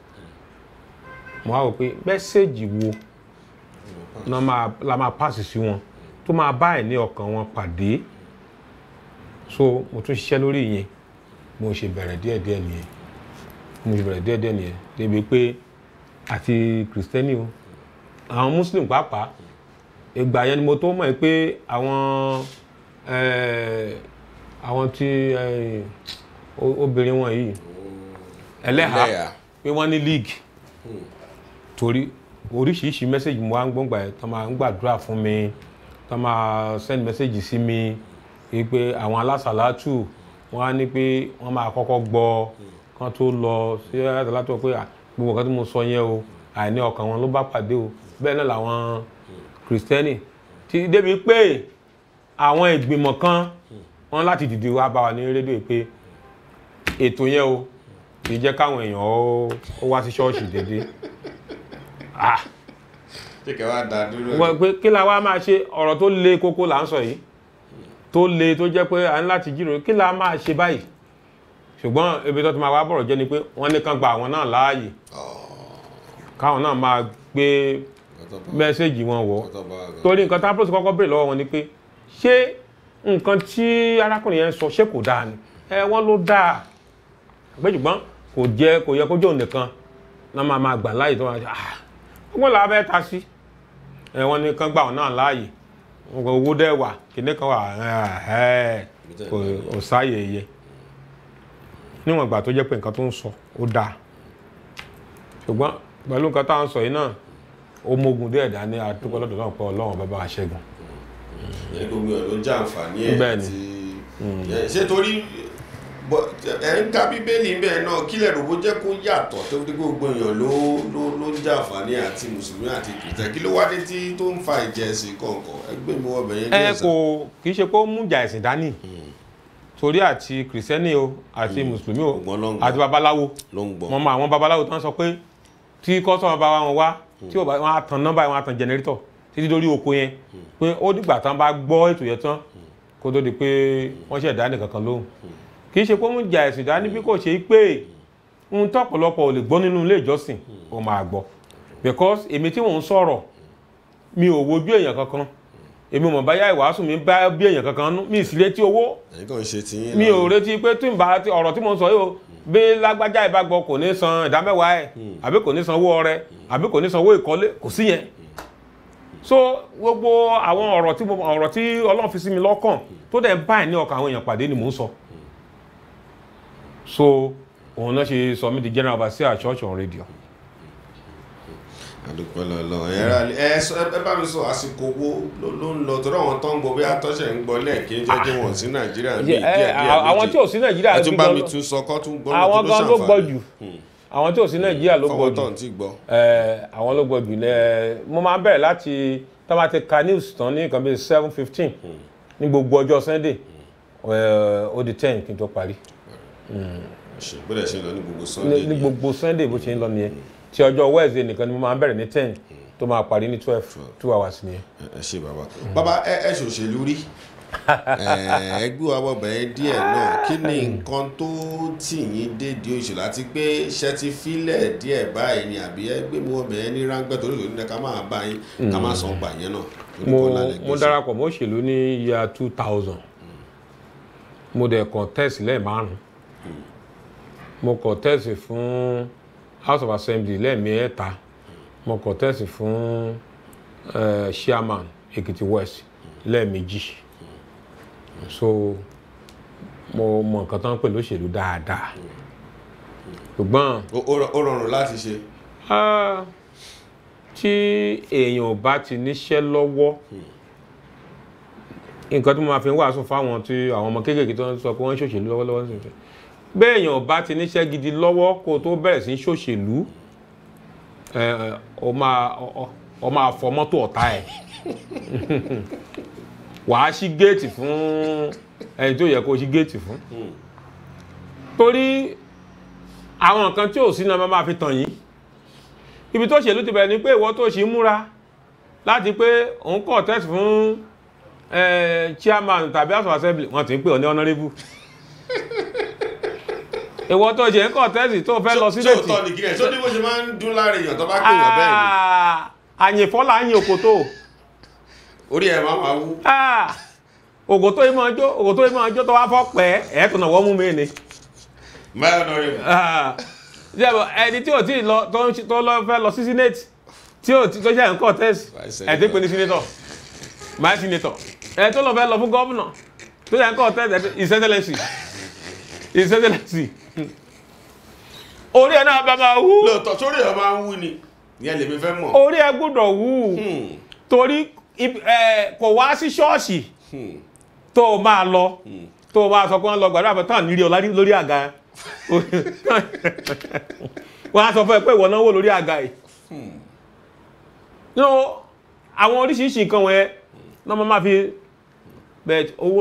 mo á rò pé mẹ́sẹ̀gì wo la máa pàṣẹ sí wọn tó máa bá àìní ọkàn wọn pàdé so mo tún ṣiṣẹ́ lórí ìyẹn mo ṣe bẹ̀rẹ̀ díẹ̀díẹ̀ nìyẹn mo ṣe bẹ̀rẹ̀ díẹ̀díẹ̀ nìyẹn débi pé àti kìrìsìtẹ́nì o àwọn muslim pàápàá ìgbà yẹn ni mo tó mọ̀ pé àwọn àwọn tí obìnrin wọn yìí ẹlẹ́hà pé wọ́n ní league hmm. torí oríṣiríṣi mẹ́sẹ̀gì mo wá ń gbọ́ngbà yẹn tó máa ń gbàdúrà fún mi tó máa send message sí mi wípé àwọn alásàlátù wọ́n á ní pé wọ́n máa kọ́kọ́ gbọ́ kán tó lọ sí alásàlátù pé gbogbo kan tí mo sọ yẹn o àìní ọkàn wọn ló bá pàdé o bẹ́ẹ̀ náà làwọn kìrìsìtẹ́nì ti débi pé àwọn ìgbìmọ̀ kan wọ́n láti dìde wá bá wa ní rédíò pé ètò yẹn o kì í jẹ́ káwọn èèyàn ó wá sí ṣọ́ọ̀ṣì dédé.
Ah! kíkẹ́ wá dá dúró. wọ́n
pé kí la wá máa ṣe ọ̀rọ̀ tó le koko là ń sọ yìí tó le tó jẹ́ pé à ń láti jíròrò kí la máa ṣe báyìí ṣùgbọ́n ebi tó ti máa wá bọ̀rọ̀ jẹ́ ni pé wọ́n ní kán gba àwọn náà láàyè káwọn náà máa gbé mẹ́sẹ̀gì wọn wọ̀ torí nǹkan tápọ́sì kọ́kọ́ béèrè lọ́wọ́ wọn ni pé ṣé nǹkan tí arákùnrin yẹn sọ ṣé kò dáa ni ẹ wọ́n ló dáa pé ṣùgbọ́n kò jẹ́ kò yẹ kó jẹ́ òun nìkan náà máa máa gbà láàyè tó máa ṣe ah wọ́n làá fẹ́ ta sí. Si ẹ wọ́n ní kán gbà wọn náà láàyè owó dẹ̀ wà kìnìún kan wà kò sáàyè yẹ níwọ̀n ìgbà tó jẹ́ pé nǹkan tó ń sọ ó dáa ṣùgbọ́n pẹ̀lú nǹkan tá à ń sọ yìí náà ó mógun díẹ̀ dání àdúgbò lọ́dọ̀ náà pé ọlọ́run bàbá àṣẹgun.
ìyẹn gbogbo ẹ̀ ló jẹ́ àǹfààní ẹ̀ àti mm. ṣé torí Eh, ẹ̀ ń ka bíbélì bẹ́ẹ̀ náà kílẹ̀ rògbò jẹ́ kó yàtọ̀ tó fi gbogbo èèyàn ló ló ló ń jẹ àǹfààní àti mùsùlùmí àti kìrìtẹ́ kí ló wá dé tí tó ń fa ìjà ẹ̀sìn kọ̀ọ̀kan ẹgbẹ́ mi wọ́n bẹ̀yẹn díẹ̀ eh, sá. ẹ kò
kì í ṣe pé ó mú ìjà ẹ̀sìn dání hmm. torí àti kìrìsẹ́nì o àti hmm. mùsùlùmí o àti babaláwo mo mọ àwọn babaláwo tó ń sọ pé tí kọ́sọ́mọ bá wọn wá hmm. tí wọ́n á tan nọ́mbà wọn á tan jẹnẹrétọ̀ títí dórí oko yẹn pé ó dìgbà tán bá gbọ́ ètò yẹn tán kó tó di pé wọ́n ṣẹ̀dá nìkankan lóhùn kì í ṣe pé ó ń jà ẹ̀sìn dání bí kò ṣe pé ohun tó ọ̀pọ̀lọpọ̀ ò lè gbọ́ nínú ilé ìjọsìn ó máa gbọ́ because èmi tí mò ń sọ̀rọ̀ mi ò wojú èèyàn kankan èmi mọ̀ báyà ìwàásù mi bá bí èèyàn kankan mi ì sì retí owó mi ò retí pé tí n bá ọ̀rọ̀ tí mò ń sọ yìí bí lágbájá ìbágbọ́ kò ní san ìdámẹ́wàá ẹ̀ hmm. àbí kò ní san owó ọrẹ àbí kò ní san owó ìkọ́lé kò sí yẹn so gbogbo àwọn ọ̀rọ̀ tí ọlọ́run fi sí mi lọ́kàn tó dẹ̀ báyìí ní ọkàn àwọn èèyàn pàdé ni mò ń sọ so òun náà ṣe sọ mí di general overseer church on radio.
àdúpẹ́ lọ́lọ́ ẹ ẹ bá mi sọ àsìkò wo ló ń lọ tọ́lọ́ àwọn tó ń gbọ́ bóyá tọ́sẹ̀ ń gbọ́ lẹ́ẹ̀kí ń jẹ́jẹ́ wọn sí nàìjíríà ní ìdí ẹ̀ eh, àwọn tí ò sí nàìjíríà ẹ tún bá mi tún sọ kọ́ tún gbọ́ àwọn gan ló gbọ́ jù hmm.
àwọn tí ò sí nàìjíríà ló gbọ́ jù eh, àwọn ló gbọ́ jù eh, lẹ mo máa ń bẹ̀rẹ̀ láti tá a bá ti ka news tán ní nǹkan bíi seven fifteen hmm. ní gbogbo ọjọ́ sunday hmm. ó di ten kí n tó parí
bó dẹ̀ ṣe ń lọ ní gbogbo sunday nìyẹn ní
gbogbo sunday bó ṣe ń lọ nìyẹn mm. tí ọjọ́ wednesday nìkan ni mo máa ń bẹ̀rẹ̀ ní ten tó máa parí ní twelve two hours nìyẹn.
ẹ ṣe bàbá bàbá ẹ ẹ ṣòṣèlú rí ẹgbẹ́ àwọn ọbẹ̀ díẹ̀ náà kí ni nǹkan tó tì yín dédìí òṣèlú àti pé ṣe ti filẹ̀ díẹ̀ báyìí ni àbí ẹgbẹ́ mu ọbẹ̀ ní ráńgbẹ́ torí òṣèlú ní ká máa bá yín ká máa san gbà yẹn náà. mo mo darapọ̀
mọ́ òṣèlú ní year two thousand mm. mo dẹ̀ contest lẹ́ẹ̀ márùn-ún mo contest fún house of assembly lẹ́ẹ̀mẹ́ta mo contest fún uh, chairman Ekiti West lẹ́ẹ̀mejì so mo mọ nǹkan tó ń pè lóṣèlú dáadáa ṣùgbọ́n.
ó rọrùn láti ṣe.
tí èèyàn bá ti níṣẹ́ lọ́wọ́ nǹkan tí mo máa fi ń wàásù fáwọn tí àwọn ọmọ kéékèèké tó ń sọ pé wọ́n ń ṣòṣèlú lọ́wọ́lọ́wọ́ sí i béèyàn bá ti níṣẹ́ gidi lọ́wọ́ kó tó bẹ̀rẹ̀ sí ṣòṣèlú ọ máa fọ mọ́tò ọ̀tá ẹ̀ wàá ṣí géètì fún ẹni tó yẹ kó ṣí géètì fún torí àwọn nǹkan tí ò sí náà máa fi tàn yín ibi tó ṣèlú ti bẹ̀rẹ̀ ni pé ìwọ tó ṣì múra láti pé òun kọ̀ tẹ́sì fún chairman tàbí house of assembly wọ́n ti ń pè ọ́ ní honourable ìwọ tó jẹ́ ń kọ̀tẹ́sì tó fẹ́ lọ sí lẹ́tì. tó tọ́ nìgírẹ̀ tó ní bó ṣe máa ń dún láàrin èèyàn tó bá pè yàn bẹ́ẹ̀ ni. Ah, àyìnfọ́lá àyìn òkòtó. orí ẹ̀ máa máa wú. Ah, òkòtó yìí máa jó òkòtó yìí máa jó tó wá fọ́ pẹ́ ẹ̀ tó nàwọ́ mú mi ni. mẹ́rin ọ̀rẹ́ mi. ẹni tí ò tí ì lọ tó lọ fẹ́ lọ sí senate tí ò tó jẹ́ ń kọ̀tẹ́sì ẹ̀ tó pè ní senator my senator ẹ̀ tó lọ fẹ́ lọ fún gọ́vnà tó jẹ́ ń kọ̀tẹ́sì ìsẹ́sẹ́lẹ̀sì ìsẹ́sẹ́lẹ̀sì orí ẹ̀ náà bá máa wú sórí ẹ̀ máa wú ni orí ẹ̀ wú hmm. torí kò wá sí ṣọ́ọ̀ṣì hmm. tó máa lọ hmm. tó máa sọ pé wọ́n lọ gbàdúrà fún tán nírí lórí àga wọ́n sọ fún ẹ pé ìwọ náà lórí àga nínú àwọn oríṣiríṣi nǹkan náà máa fi owó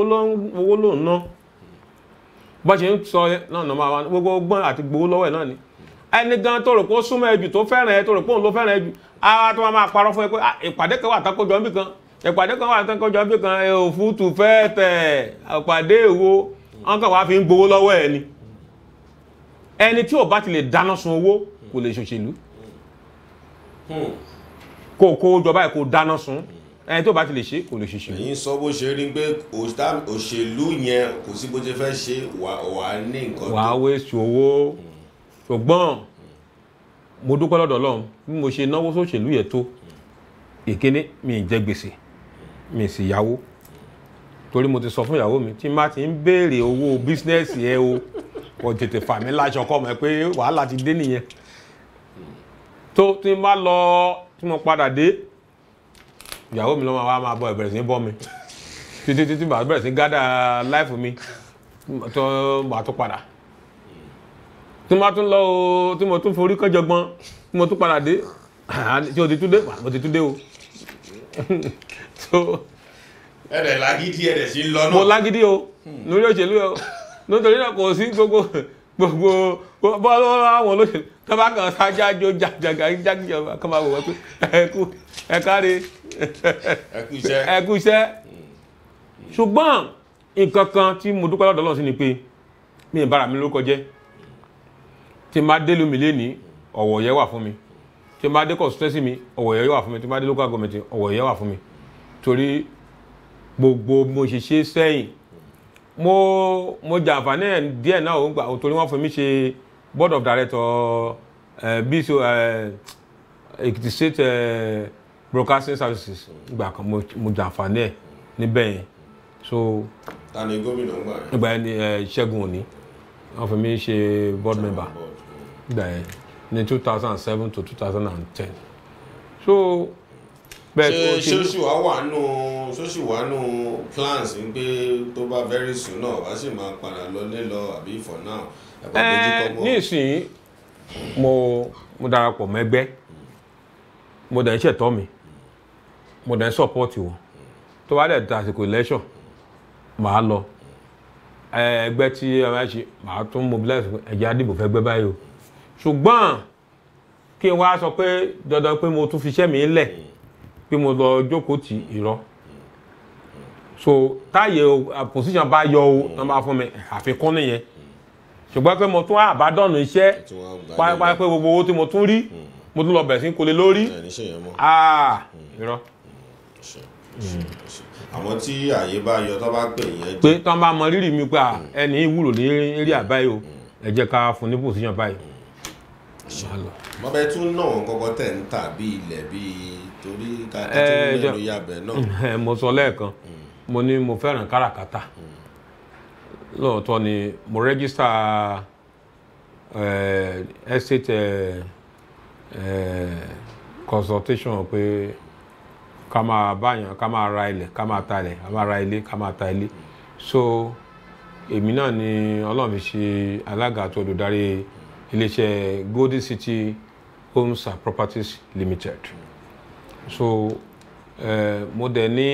bó ṣe ń sọ náà nọ́mà wa gbogbo ọgbọ́n àti gbowó lọ́wọ́ ẹ̀ náà ni ẹni gan tó rò pé ó súnmọ́ ẹjù tó fẹ́ràn ẹ tó rò pé òun ló fẹ́ràn ẹjù ara tó máa parọ́ fún ẹ pé ah, ìpàdé kan wà tákójọ ń bì kan ìpàdé kan wà tákójọ ń bì kan ẹ ò fún tù fẹ́ tẹ̀ ìpàdé èwo wọn kàn wá fi ń gbowó lọ́wọ́ ẹ ni ẹni tí ò bá ti lè dáná sun owó kò lè ṣòṣèlú hmm. kò kó jọba ẹ kò dáná sun ẹni tó bá ti lè ṣe kò lè ṣiṣẹ́.
èyí sọ bó ṣe rí pé òṣèlú yẹn kò sí bó ṣe fẹ́ ṣe wà á ní nǹkan tó. wà
á wé su owó ṣùgbọ́n mo dúpẹ́ lọ́dọ̀ Ọlọ́run bí mo ṣe náwó sóṣèlú yẹn tó ìkíní mi ì jẹ gbèsè mi sì yáwó torí mo ti sọ fún ìyàwó mi tí má ti ń béèrè owó bísínẹ́sì ẹ o kò tètè fà mí láṣọ kọ́ mọ̀ pé wàhálà ti dé nìyẹn tó tí n bá lọ tí mo padà dé ìyàwó mi ló máa wá máa bọ ìbẹ̀rẹ̀ sí bọ́ mi títí títí màá bẹ̀rẹ̀ sí gádà láìfù mi tó màá tún padà tí mo tún lọ o tí mo tún forí kọjọgbọn tí mo tún padà dé tí o ti tún dé mo ti tún dé o. ẹ̀rẹ̀ lágídí ẹ̀rẹ̀ sí lọ náà. mo lágídí o lórí òṣèlú o nítorí náà kò sí gbogbo gbogbo bọ́ọ̀lù àwọn olóṣèlú tó bá kàn sájà jó jàgàjà jàgàjà kan máa wọ̀ wọ́n pé ẹ̀kú ẹ̀káre ẹ kú iṣẹ́ ṣùgbọ́n nǹkan kan tí mo dúpẹ́ lọ́dọ̀ sí ni pé mi ì mi lórúkọ jẹ́ tí n bá dé lómi léni ọ̀wọ̀ yẹ wà fún mi tí n bá dé constituency mi ọ̀wọ̀ yẹ wà fún mi tí n dé local government ọ̀wọ̀ yẹ wà fún mi torí gbogbo mo ṣe ṣe sẹ́yìn mo mo jàǹfààní ẹ̀ díẹ̀ náà ó gbà torí wọ́n fún mi ṣe board of director uh, eh, bíṣọ eh, Èkìtì state. Uh, broadcasting services ìgbà kan mo jàǹfààní ẹ̀ níbẹ̀ yẹn so.
ta ni gómìnà ń gbà yẹn.
ìgbà yẹn ni Ṣẹ́gun Òní wọ́n fi mí ṣe board member ìgbà yẹn ní two thousand and seven to two thousand and ten so bẹ́ẹ̀ ṣe ṣe
wá wà nù ṣe ṣe wà nù plans ń pé tó bá very soon náà wá sì máa padà lọ nílọ àbí for now.
ẹ nísìnyí mo mo darapọ̀ mẹ́gbẹ́ mo dẹ̀ ń ṣètọ́ mi mo dẹ̀ ń support wọn tó bá dẹ̀ àsìkò election màá lọ ẹgbẹ́ tí ẹ bá ṣe màá tún mobilize ẹ̀jẹ̀ àdìbò fẹ́ gbé báyìí o ṣùgbọ́n kí n wá sọ pé dandan pé mo tún fi iṣẹ́ mi lẹ̀ pé mo lọ jókòó ti irọ́ so táyé position bá yọ o tán bá fún mi àfikún nìyẹn ṣùgbọ́n pé mo tún àbádọ́nù iṣẹ́ pápá pé gbogbo owó tí mo tún rí hmm. mo tún lọ bẹ̀rẹ̀ sí kólé lórí ah hmm. irọ́. Mm.
Mm. àwọn tí àyè bá yọ tó bá pè yẹn jẹ.
pé tó ń bá mọ rírì mi pé mm. ẹni ìwúlò ní eré àbáyé mm. o ẹ jẹ́ ká fún ní pòsíyàn báyìí.
bọ́bẹ̀ tún náà kọ́kọ́ tẹ̀ ń tà bí ilẹ̀ bí torí kátó mẹ́rin ló yàbẹ̀ náà.
mo sọ lẹ́ẹ̀kan mo ní mo fẹ́ràn káràkátà lóòótọ́ ni mo rẹ́gísítà estate consultation pé ká máa báyàn ká máa ra ilẹ̀ ká máa ta ilẹ̀ ká máa ra ilé ká máa ta ilé so èmi náà ni ọlọ́run fi ṣe alága àti olùdarí iléeṣẹ́ Golden City Homes and Properties Limited so eh, mo dẹ̀ ní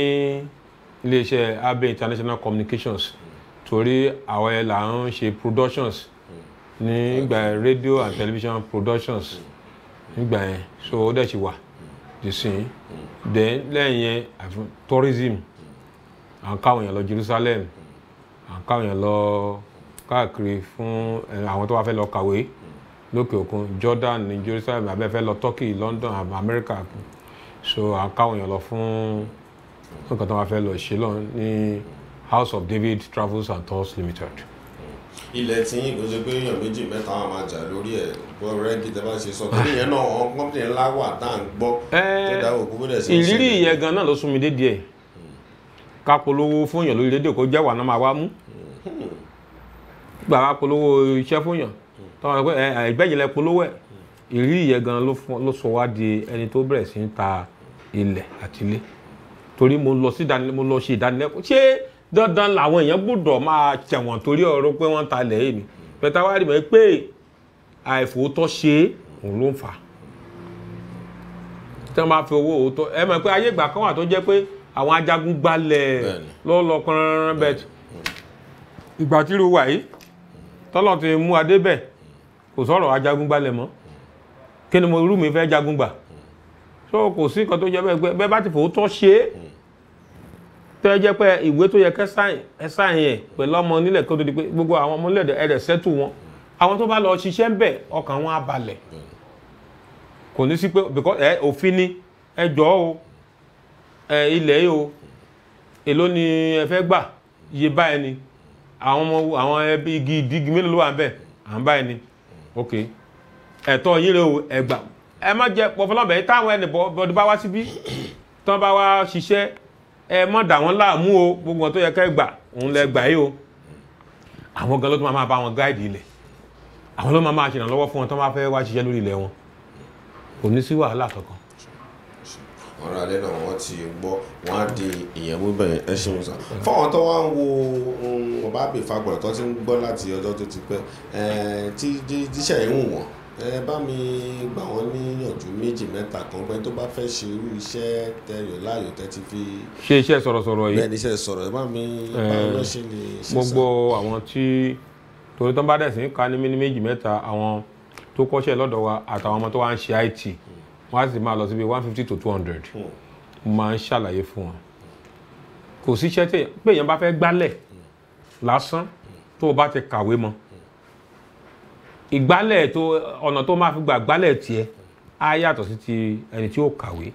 iléeṣẹ́ Abe International Communications torí àwọn ẹ̀ là ń ṣe productions nígbà rédíò and television productions nígbà yẹn so ó dẹ̀ ṣì wà ìsìn then lẹ́yìn yẹn tourism à ń káwọn èèyàn lọ Jerusalem à ń káwọn èèyàn lọ káàkiri fún eh, àwọn tó wá fẹ́ lọ kàwé lókè òkun Jordan ní Jerusalem abẹ́fẹ́ lọ Turkey London America so à ń káwọn èèyàn lọ fún nǹkan tó wá fẹ́ lọ ṣe lọ ní House of David Travels and Tours Limited
ilẹ̀ tí yín kò ṣe pé èèyàn méjì mẹ́ta wọn máa jà lórí ẹ̀ gbọ́ rẹ́gí tẹ́ bá ṣe sọ torí yẹn náà wọn kọ́mpìnì ńlá wà tá à ń gbọ́ tó dáwọ́ òkú bó dẹ̀ ṣe ń ṣe. ìrírí
ìyẹn gan náà ló sún mi dé díẹ̀ ká polówó fún èèyàn lórí rédíò kó jẹ́ wà náà máa wá mú gbàrà polówó iṣẹ́ fún èèyàn tọ́wọ́n pé ẹgbẹ́yìn lẹ polówó ẹ̀ ìrírí ìyẹn gan ló sọ wá di ẹni tó bẹ̀rẹ̀ sí ń ta ilẹ̀ àtilé torí mo lọ sí ìdánilẹ́kọ̀ọ́ ṣé dandan làwọn èèyàn gbọ́dọ̀ máa tẹ̀wọ̀n torí ọ̀rọ̀ pé wọ́n ta lẹ̀ èmi pẹ̀tà wá rí mọ́ pé àìfòótọ́ ṣe òun ló ń fà tí wọ́n bá fi owó òótọ́ ẹ mọ̀ pé ayé ìgbà kan wà tó jẹ́ pé àwọn ajagun gbalẹ̀ lọ́lọ́kànrán bẹ́ẹ̀ ìgbà tí irú wà yìí tọ́lọ̀ ti mú adé bẹ̀ kò sọ̀rọ̀ ajagun gbalẹ̀ mọ́ kí ni mo irú mi fẹ́ jagun gbà so kò sí nǹkan tó jẹ́ bẹ́ẹ̀ bẹ́ẹ̀ bá ti fòótọ́ ṣe é tó yẹ jẹ́ pé ìwé tó yẹ kẹ́ sáyìn ẹ sáyìn ẹ̀ pẹ̀lú ọmọ onílẹ̀ kó tó di pé gbogbo àwọn ọmọ onílẹ̀ ẹ̀rẹ̀ sẹ́tù wọn àwọn tó bá lọ ṣiṣẹ́ ń bẹ̀ ọkàn wọn á balẹ̀ kò ní sí pé ẹ òfin ni ẹ jọ o ẹ ilẹ̀ yìí o èló ni ẹ fẹ́ gbà iye báyìí ni àwọn ọmọ àwọn ẹbí igi ìdígi mélòó ló wà ń à ń báyìí ni ok ẹ̀tọ́ yín rẹ o ẹ gbà ẹ má jẹ pọfọlọ́bẹ̀ táwọn ẹnìbọ̀ bọ́dún bá wá síbí tán bá wá ṣiṣẹ́ ẹ má dà wọ́n láàmú o gbogbo wọn tó yẹ ká ẹ gbà òun lẹ gbà yìí o àwọn gan ló tún máa bá wọn gáìdì ilẹ̀ àwọn ló máa máa ṣèrànlọ́wọ́ fún wọn tó máa fẹ́ wá ṣiṣẹ́ lórí ilẹ̀ wọn kò ní
sí wàhálà kankan ọ̀rọ̀ alẹ́ náà wọ́n ti gbọ́ wọ́n á di ìyẹ̀wò bẹ̀rẹ̀ ẹ ṣeun sàn. fáwọn tó wá ń wo ọba àbí ìfagbọ̀rọ̀ tó ti ń gbọ́ láti ọjọ́ tó ti pẹ́ tí tíṣà yìí ń wọ̀n ẹ bá mi gbà wọ́n níyànjú méjì mẹ́ta kan pé tó bá fẹ́ ṣe irú iṣẹ́ tẹyọ̀ láàyò tẹ́ fi. ṣe iṣẹ́ sọ̀rọ̀sọ̀rọ̀ yìí bẹ́ẹ̀ iṣẹ́ sọ̀rọ̀ ẹ bá mi báwo ló ṣe lè ṣe sá. gbogbo
àwọn tí torí tó bá dẹ̀ ń ka ní méjì mẹ́ta àwọn tó kọ́ṣẹ́ lọ́dọ̀ wa àtàwọn ọmọ tó wá ń ṣe IT wọ́n á sì máa lọ síbi one fifty to two hundred máa ń ṣàlàyé fún wọn kò síṣẹ́ tí pé ìgbálẹ̀ tó ọ̀nà tó máa fi gbà gbálẹ̀ tiẹ̀ á yàtọ̀ sí ti ẹni tí ó kàwé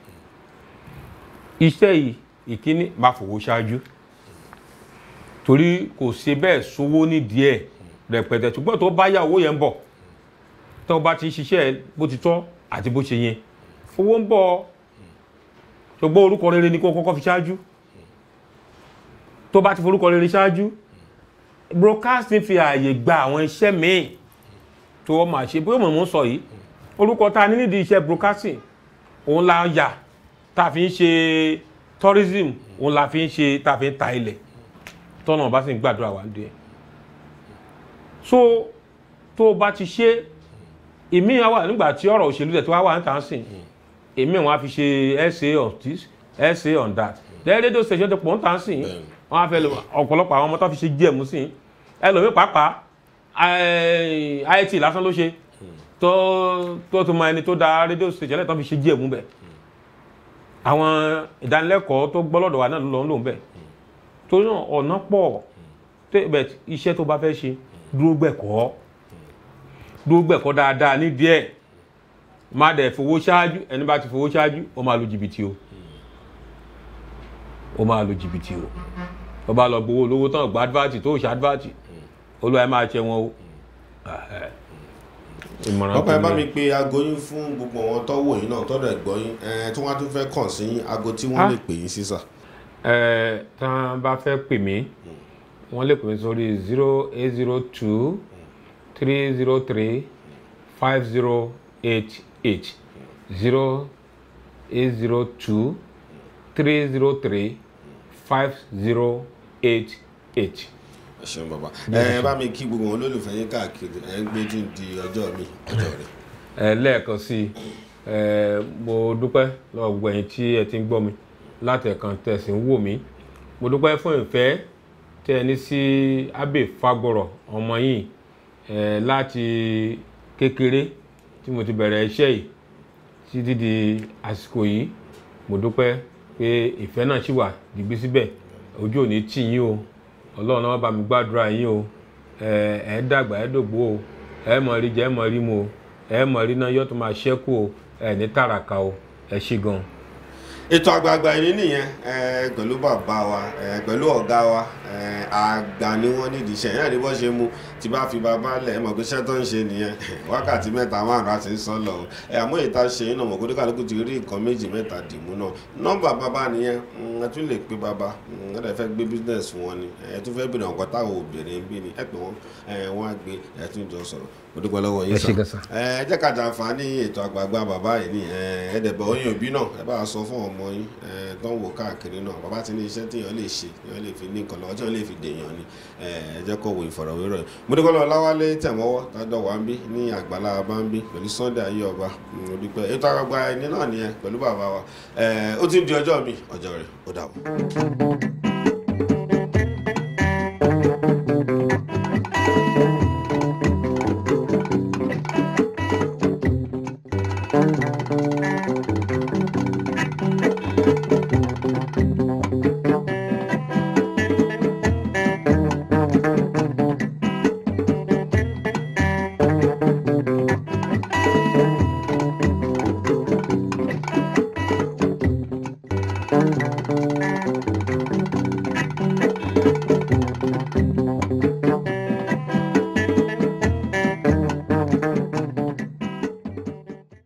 iṣẹ́ yìí ìkíní máa fowó ṣáájú torí kò ṣe bẹ́ẹ̀ sówó nídìí ẹ̀ rẹpẹtẹ ṣùgbọ́n tó bá yá owó yẹn ń bọ̀ tó bá ti ṣiṣẹ́ bó ti tọ́ àti bó ṣe yẹn owó ń bọ̀ ṣùgbọ́n orúkọ rere ni kó kọ́kọ́ fi ṣáájú tó bá ti forúkọ rere ṣáájú broadcasting fi ààyè gba àwọn iṣẹ́ míì tó ọmọ àṣẹ bí òmò mò ń sọ yìí orúkọ tá a ní nídìí iṣẹ́ broadcasting òun la yà tá a fi ń ṣe tourism òun la fi ń ṣe tá a fi ń ta ilẹ̀ tọ́nà bá sì ń gbàdúrà wà ń dé so tó o bá ti ṣe èmi wà nígbà tí ọ̀rọ̀ òṣèlú tẹ̀ tó wà ń tàn sìn èmi wọn á fi ṣe essay on this essay on that then radio station ti pọ̀ ń tàn sìn wọn á fẹ́ ọ̀pọ̀lọpọ̀ àwọn ọmọ tó fi ṣe jẹ́ mú sìn ẹlòmíì pàápàá it lásán ló ṣe tó tó tó mọ ẹni tó da rédíò ṣèjẹ́lẹ̀ tó fi ṣe díẹ̀ mú bẹ̀ àwọn ìdánilẹ́kọ̀ọ́ tó gbọ́lọ́dọ̀ wa náà ló ń lò ń bẹ̀ torí náà ọ̀nà pọ̀ bẹ̀ iṣẹ́ tó bá fẹ́ ṣe dúró gbẹ̀kọ́ dúró gbẹ̀kọ́ dáadáa ní díẹ̀ má dẹ̀ fowó ṣáájú ẹni bá ti fowó ṣáájú ó máa lu jìbìtì o ó máa lu jìbìtì o ó bá lọ gbowó lówó tán gba advert tó ṣe advert olúwa ẹ máa ṣe wọn o ìmọ̀ràn tó lè. ọkọ̀ ẹ bá mi
pe aago yín fún gbogbo àwọn tó wò yín náà tọ́dọ̀ ẹ̀gbọ́n yín tí wọ́n á tún fẹ́ kàn sí aago tí wọ́n ah. lè pè yín sísà.
ẹ tí wọ́n bá fẹ́ pè mí wọ́n lè pè mí sórí zero eight zero two three zero three five zero eight eight zero eight zero two three zero three five zero eight eight ẹ ṣeun bàbá ẹ bá mi
kí gbogbo wọn lólùfẹ́ yín káàkiri ẹ ń gbé dín di ọjọ́ mi ọjọ́ rẹ.
ẹ lẹ́ẹ̀kan sí i mo dúpẹ́ lọ́wọ́ gbogbo ẹ̀yin tí ẹ ti ń gbọ́ mi láti ẹ̀kan tẹ̀sí ń wò mí mo dúpẹ́ fún ìfẹ́ tẹ́ ẹ ní sí Abbey Fagboro ọmọ yìí láti kékeré tí mo ti bẹ̀rẹ̀ iṣẹ́ yìí títí di àsìkò yìí mo dúpẹ́ pé ìfẹ́ náà ṣì wà dìgbì síbẹ̀ ojú ò ní tì yín o ọlọ́run náà bá mi gbàdúrà yín o ẹ dàgbà ẹ dògbò o ẹ mọ̀ rí jẹ ẹ mọ̀ rí mu o ẹ mọ̀ rí náà yóò tún máa ṣẹ́kù o ẹ ní tàràkà o ẹ ṣí gan-an
ètò àgbààgbà yìí nìyẹn pẹ̀lú bàbá wa pẹ̀lú ọ̀gá wa àgbà ni wọ́n nídìí iṣẹ́ yẹn ni wọ́n ṣe mú tí bá fi bàbá lẹ̀ mọ̀ pé iṣẹ́ tó ń ṣe nìyẹn wákàtí mẹ́ta márùn-ún àti sán lọ ẹ àmọ́ ìta ṣe yín náà mọ̀ pé oníkàlùkù ti rí nǹkan méjì mẹ́ta dìmú náà nọ́mbà bàbá nìyẹn ẹ tún lè pe bàbá ẹ dẹ̀ fẹ́ gbé business wọn ni ẹ tún fẹ́ bìnrin ọ̀kọ́ táwọn obìnrin ni ẹ pè wọ́n ẹ wọ́n á gbé ẹ tún jọ sọ̀rọ̀ mo dúpẹ́ lọ́wọ́ yín sá ẹ jẹ́ ká jàǹfààní ètò àgbààgbà bàbá yìí ni ẹ̀ẹ́dẹ̀bẹ̀ oyin òbí náà ẹ bá sọ fún ọmọ yín tó ń wò káàkiri náà bàbá ti ní iṣẹ́ téèyàn lè ṣe téèyàn lè fi ní nǹkan lọ́wọ́ téèyàn lè fi dèèyàn ni ẹ jẹ́ kó wo ìfọ̀rọ̀wérọ̀ yìí mo dúpẹ́ lọ́wọ́ láwálé tẹ̀mọ́wọ́ tájọ́ wà ń bí ní àgbàlá bá ń bí pẹ̀lú Sunday ayé ọba mo dúpẹ́ ètò àgbààgbà